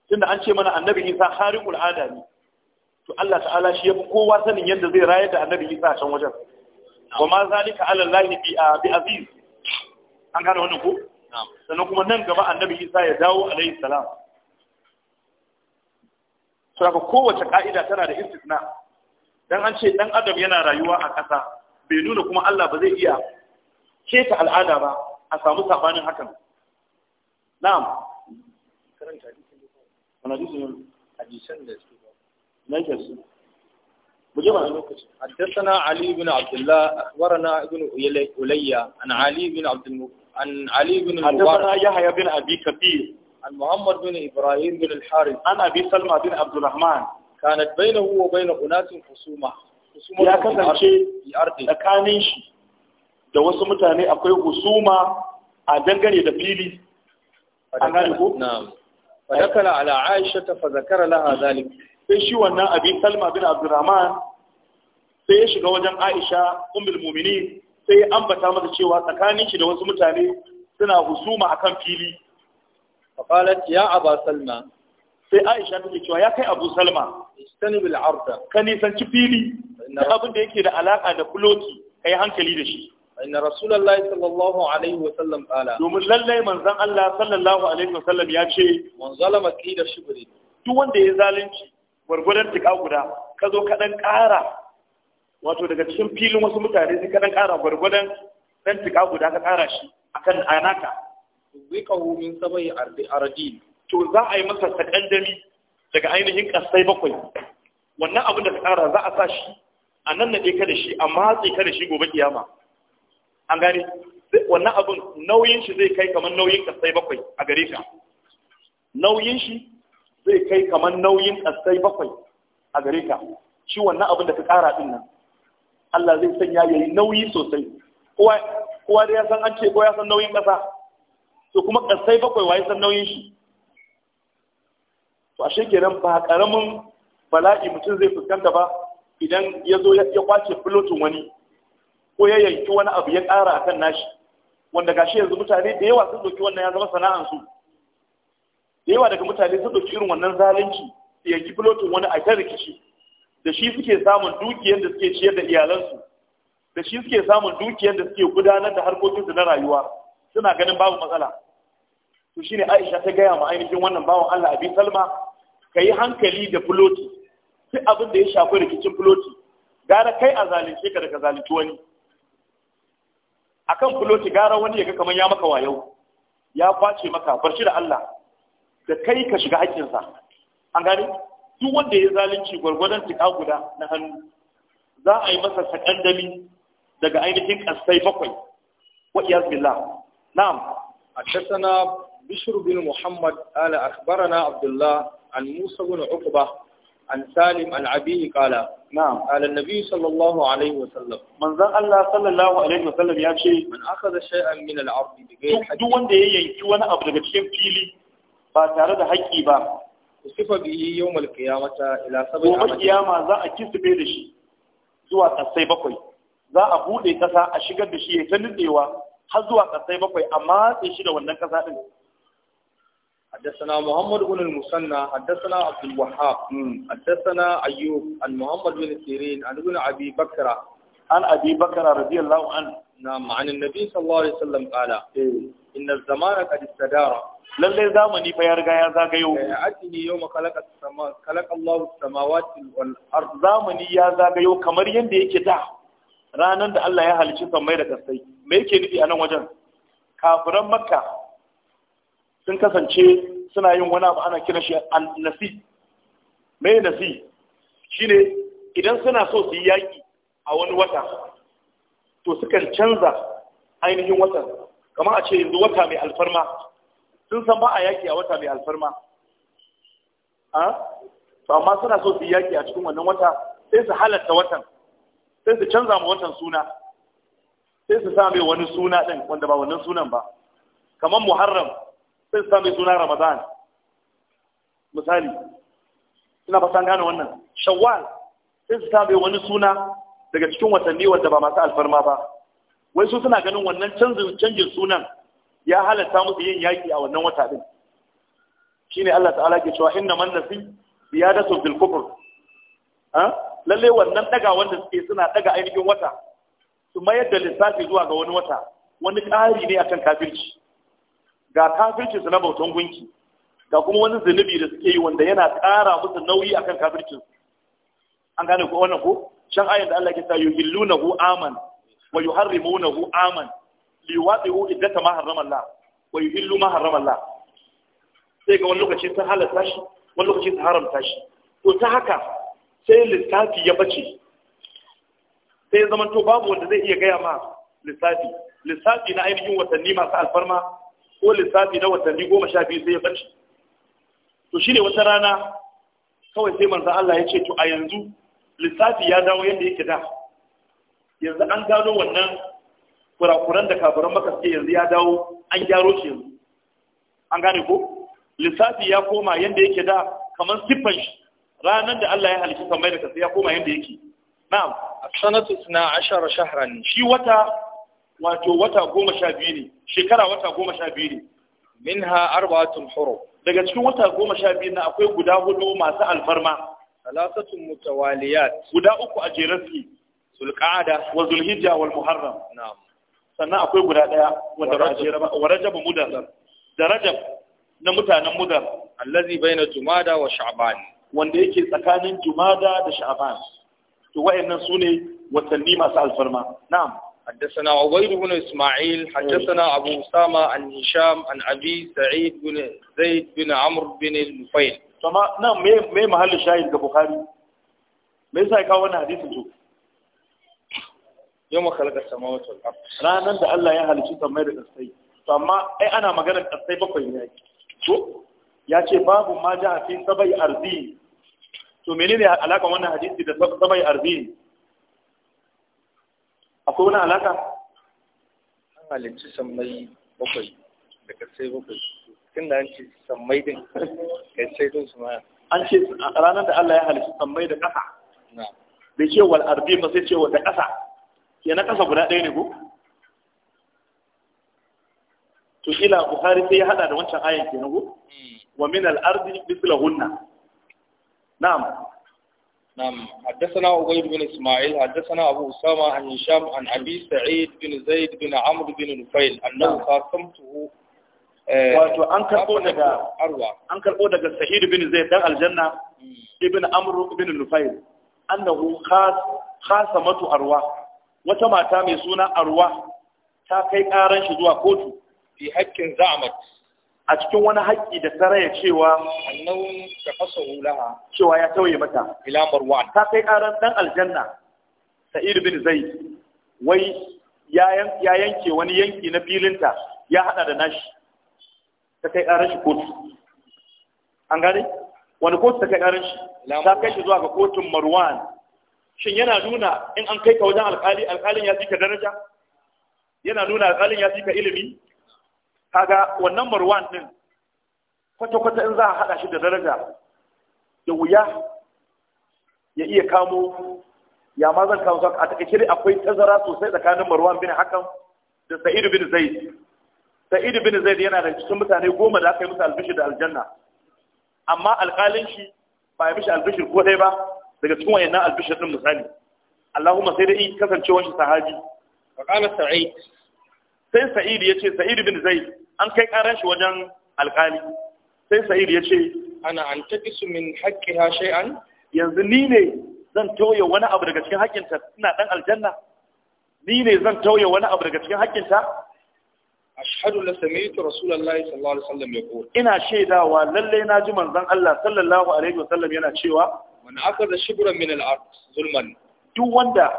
tunda an ce mana annabi Isa khariqul adami ne to Allah ta'ala shi ya fi kowa sanin yadda zai rayar da annabi Isa a can wajen wa ma zalika ala Allah bi ah, bi aziz an gane wannan ko sannan kuma nan gaba annabi Isa ya dawo alaihi salam saboda kowace ka'ida tana da istisna dan an ce dan adam yana rayuwa a ƙasa bai nuna kuma Allah ba zai iya keta al'ada ba a samu sabanin hakan na'am karanta ali ibn abdullah akhbarana ibn ulayya an ali an ali yahya ibn abi kafir an ibrahim ibn al-harith an abi salma ibn abd al-rahman kanat bainahu wa bain qunatin ya kasance tsakanin shi da wasu mutane akwai husuma a dangane da fili A gane ko fadakala ala aisha ta fazakara laha zalik sai shi wannan abin salma bin abdurrahman sai ya shiga wajen aisha ummul mu'minin sai ya ambata masa cewa tsakanin shi da wasu mutane suna husuma a kan fili faqalat ya aba salma sai aisha ta take cewa ya kai abu salma arda ka nisanci fili da abin da yake da alaka da kuloti yi hankali da shi إن رسول الله صلى الله عليه وسلم قال دوم لله من زن الله صلى الله عليه وسلم يأتي من ظلم كيد شبري دوان دي زالنشي ورغدن تك كذو كدن كارا wato daga cikin filin wasu mutane sai kadan ƙara gwargwadon ɗan tika guda ka ƙara shi akan anaka zai kawo min sabai ardi to za a yi masa sakandami daga ainihin ƙasai bakwai wannan abin da ka ƙara za a sa shi a nan na ka da shi amma matse ka da shi gobe kiyama an gane wannan abin nauyin shi zai kai kamar nauyin kasai bakwai a gare ka nauyin shi zai kai kamar nauyin kasai bakwai a gare ka shi wannan abin da ka kara din nan Allah zai sanya ya yi nauyi sosai kowa kowa da ya san an ce ko ya san nauyin kasa to kuma kasai bakwai ya san nauyin shi to ashe kenan ba karamin bala'i mutum zai fuskanta ba idan ya zo ya kwace filotin wani ko ya yanki wani abu ya ƙara a kan nashi wanda ga shi yanzu mutane da yawa sun ɗauki wannan ya zama sana'ansu da yawa daga mutane sun ɗauki irin wannan zalunci su yanki filotin wani a kan rikici da shi suke samun dukiyar da suke ciyar da iyalansu da shi suke samun dukiyar da suke gudanar da harkokinsu na rayuwa suna ganin babu matsala to shine Aisha ta gaya ma ainihin wannan bawan Allah Abi Salma kai hankali da filoti, duk abin da ya shafi rikicin filoti. gara kai a zalunce ka daga zalunci wani akan fuloti gara wani ya ga kamar ya maka wayo ya kwace maka bar da Allah da kai ka shiga haƙƙinsa an gane duk wanda ya zalunci gwargwadon tuka guda na hannu za a yi masa sakandami daga ainihin kasai bakwai wa iyaz billah na'am حدثنا بشر bin muhammad قال na Abdullah الله Musa موسى بن عن سالم عن عبيه قال نعم قال النبي صلى الله عليه وسلم من ذا الله صلى الله عليه وسلم يا من أخذ شيئا من العرض بغير حق duk wanda ya yanki wani abu daga cikin fili ba tare da haƙƙi ba sifa bihi yawmal qiyamata ila sab'i gobe kiyama za a kisbe da shi zuwa kasai bakwai za a buɗe ƙasa a shigar da shi ya ta nutsewa har zuwa bakwai amma sai shi da wannan kasa din حدثنا محمد بن المثنى حدثنا عبد الوهاب حدثنا ايوب عن محمد بن سيرين عن ابن ابي بكر عن ابي بكر رضي الله عنه نعم عن النبي صلى الله عليه وسلم قال ان الزمان قد استدار lalle ya riga ya zagayo atini yawma khalaqa as-sama khalaqa Allahu as-samawati wal zamani ya kamar yanda yake da ranan da Allah ya halicci sammai da kasai me yake nufi a nan wajen kafiran makka sun kasance suna yin wani abu ana kiran shi nasi mai nasi shine idan suna so su yi yaƙi a wani wata to sukan canza ainihin watan kamar a ce yanzu wata mai alfarma sun san ba a yaƙi a wata mai alfarma to amma suna so su yi yaƙi a cikin wannan wata sai su halatta watan sai su canza ma watan suna sai su sa mai wani suna ɗin wanda ba wannan sunan ba kamar muharram sai su sami suna ramadan misali suna fasa gane wannan shawwal sai su sami wani suna daga cikin watanni wanda ba masu alfarma ba wai su suna ganin wannan canjin canjin sunan ya halatta musu yin yaki a wannan wata din shine Allah ta'ala ke cewa inna man nasi ya bil kufr ha lalle wannan daga wanda suke suna daga ainihin wata su mayar da lissafi zuwa ga wani wata wani ƙari ne akan kafirci ga kafirci su na bautan gunki ga kuma wani zunubi da suke yi wanda yana ƙara musu nauyi akan kafircin su an gane ko wannan ko Shan ayin da Allah ke sa yuhillunahu aman wa yuharrimunahu aman liwaqi'u iddata ma harrama Allah wa yuhillu ma harrama Allah sai ga wani lokaci sun halatta shi wani lokaci sun haramta shi to ta haka sai lissafi ya bace sai ya to babu wanda zai iya gaya ma lissafi lissafi na ainihin watanni masu alfarma ko lissafi na watanni goma sha biyu sai ya ɓace to shine wata rana kawai sai manzo Allah ya ce to a yanzu lissafi ya dawo yadda yake da yanzu an gano wannan kurakuran da kafiran maka suke yanzu ya dawo an gyaro shi yanzu an gane ko lissafi ya koma yadda yake da kamar siffan shi ranar da Allah ya halitta kamar da kasa ya koma yadda yake na'am as-sanatu 12 shahran shi wata wato wata goma sha biyu ne shekara wata goma sha biyu ne minha Arbatun hurum daga cikin wata goma sha biyu na akwai guda hudu masu alfarma salasatun mutawaliyat guda uku a jerarki zulqa'ada wa zulhijja wal muharram na'am sannan akwai guda daya wanda ba a jera ba wa rajab mudar da rajab na mutanen mudar allazi baina jumada wa sha'ban wanda yake tsakanin jumada da sha'ban to wayannan sune watanni masu alfarma na'am حدثنا عبيد بن إسماعيل حدثنا أبو أسامة عن هشام عن أبي سعيد بن زيد بن عمرو بن النفيل تمام نعم ما محل الشاهد كبخاري me yasa ya kawo wannan hadisin to yau maka laka sama wata ranar da Allah ya halicci sammai da kasai to amma ai ana magana kasai bakwai ne yake to ya ce babu ma ja fi sabai ardi to menene alakan wannan hadisi da sabai ardi akwai wani alaka an halicci sammai bakwai da kasai bakwai cikin da an ce sammai din kasai din su maya an ce ranar da Allah ya halicci sammai da ƙasa da ce wal arbi ba sai cewar da ƙasa ke na ƙasa guda ɗaya ne ko to ila buhari sai ya hada da wancan ayan na ko hmm. wa min al ardi mithla Na na'am نعم حدثنا أبي بن إسماعيل حدثنا أبو أسامة عن هشام عن أبي سعيد بن زيد بن عمرو بن نفيل أنه خاصمته wato an karbo daga an karbo daga sa'id bin zaid dan aljanna ibn amr ibn nufail annahu khas khasamatu arwa wata mata mai suna arwa ta kai karan shi zuwa kotu fi haƙƙin za'amat a cikin wani haƙƙi da saraya cewa annahu da fasahu laha cewa ya tauye mata ila marwan ta kai karan dan aljanna sa'id bin zaid wai ya yanke wani yanki na filinta ya hada da nashi ta kai karan shi kotu an gane wani kotu ta kai karan shi ta kai shi zuwa ga kotun marwan shin yana nuna in an kai ka wajen alƙali alƙalin ya fi daraja yana nuna alƙalin ya fi ilimi kaga wannan marwan din kwata-kwata in za a haɗa shi da daraja da wuya ya iya kamo ya ma zan kawo a takaice akwai tazara sosai tsakanin marwan bin hakan da sa'id bin zaid sa'id bin zaid yana da cikin mutane goma da aka yi musu albishi da aljanna amma alƙalin shi ba ya mishi albishir ko dai ba daga cikin wayannan albishir din misali Allahumma sai dai kasancewar shi sahabi wa qala sa'id sai sa'id yace sa'id bin zaid an kai karan shi wajen alkali sai sa'id ya ce ana an su min haƙƙi haqqiha shay'an yanzu ni ne zan tauye wani abu daga cikin haƙƙinta ina ɗan aljanna ni ne zan tauye wani abu daga cikin haƙƙinta ashhadu la sami'tu rasulullahi sallallahu alaihi wasallam yaqul ina shaidawa lalle na ji manzon Allah sallallahu alaihi wasallam yana cewa man akaza shibran min al-ard zulman duk wanda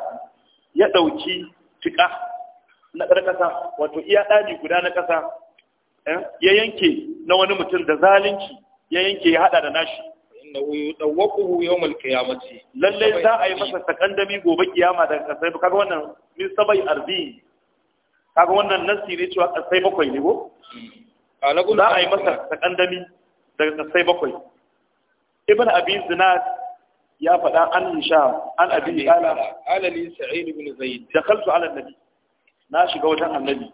ya dauki tika na ƙarƙasa wato iya ɗani guda na ƙasa Eh? ya yanke na wani mutum da zalunci ya yanke ya hada da nashi innahu qiyamati lalle za a yi masa sakandami gobe kiyama daga kasai kaga wannan min sabai ardi kaga wannan nasi ne cewa kasai bakwai ne go? Hmm. za a yi masa sakandami daga kasai bakwai ibn abi zinad ya faɗa an insha an abi ala ala li sa'id ibn zaid dakhaltu ala nabi na shiga wajen annabi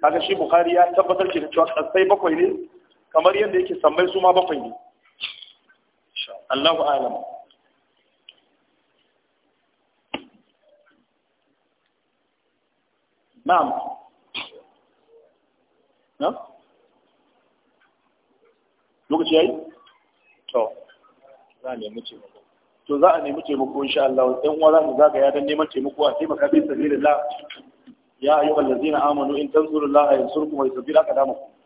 kaga shi bukhari ya tabbatar ke da cewa kasai bakwai ne kamar yadda yake sammai su ma bakwai ne Allahu alam na'am na lokaci yayi to za a nemi taimako to za a nemi taimako insha Allah ɗan uwa za mu zagaya don neman taimako a taimaka bai bin sabilillah يا أيها الذين آمنوا إن تنصروا الله ينصركم ويثبت أقدامكم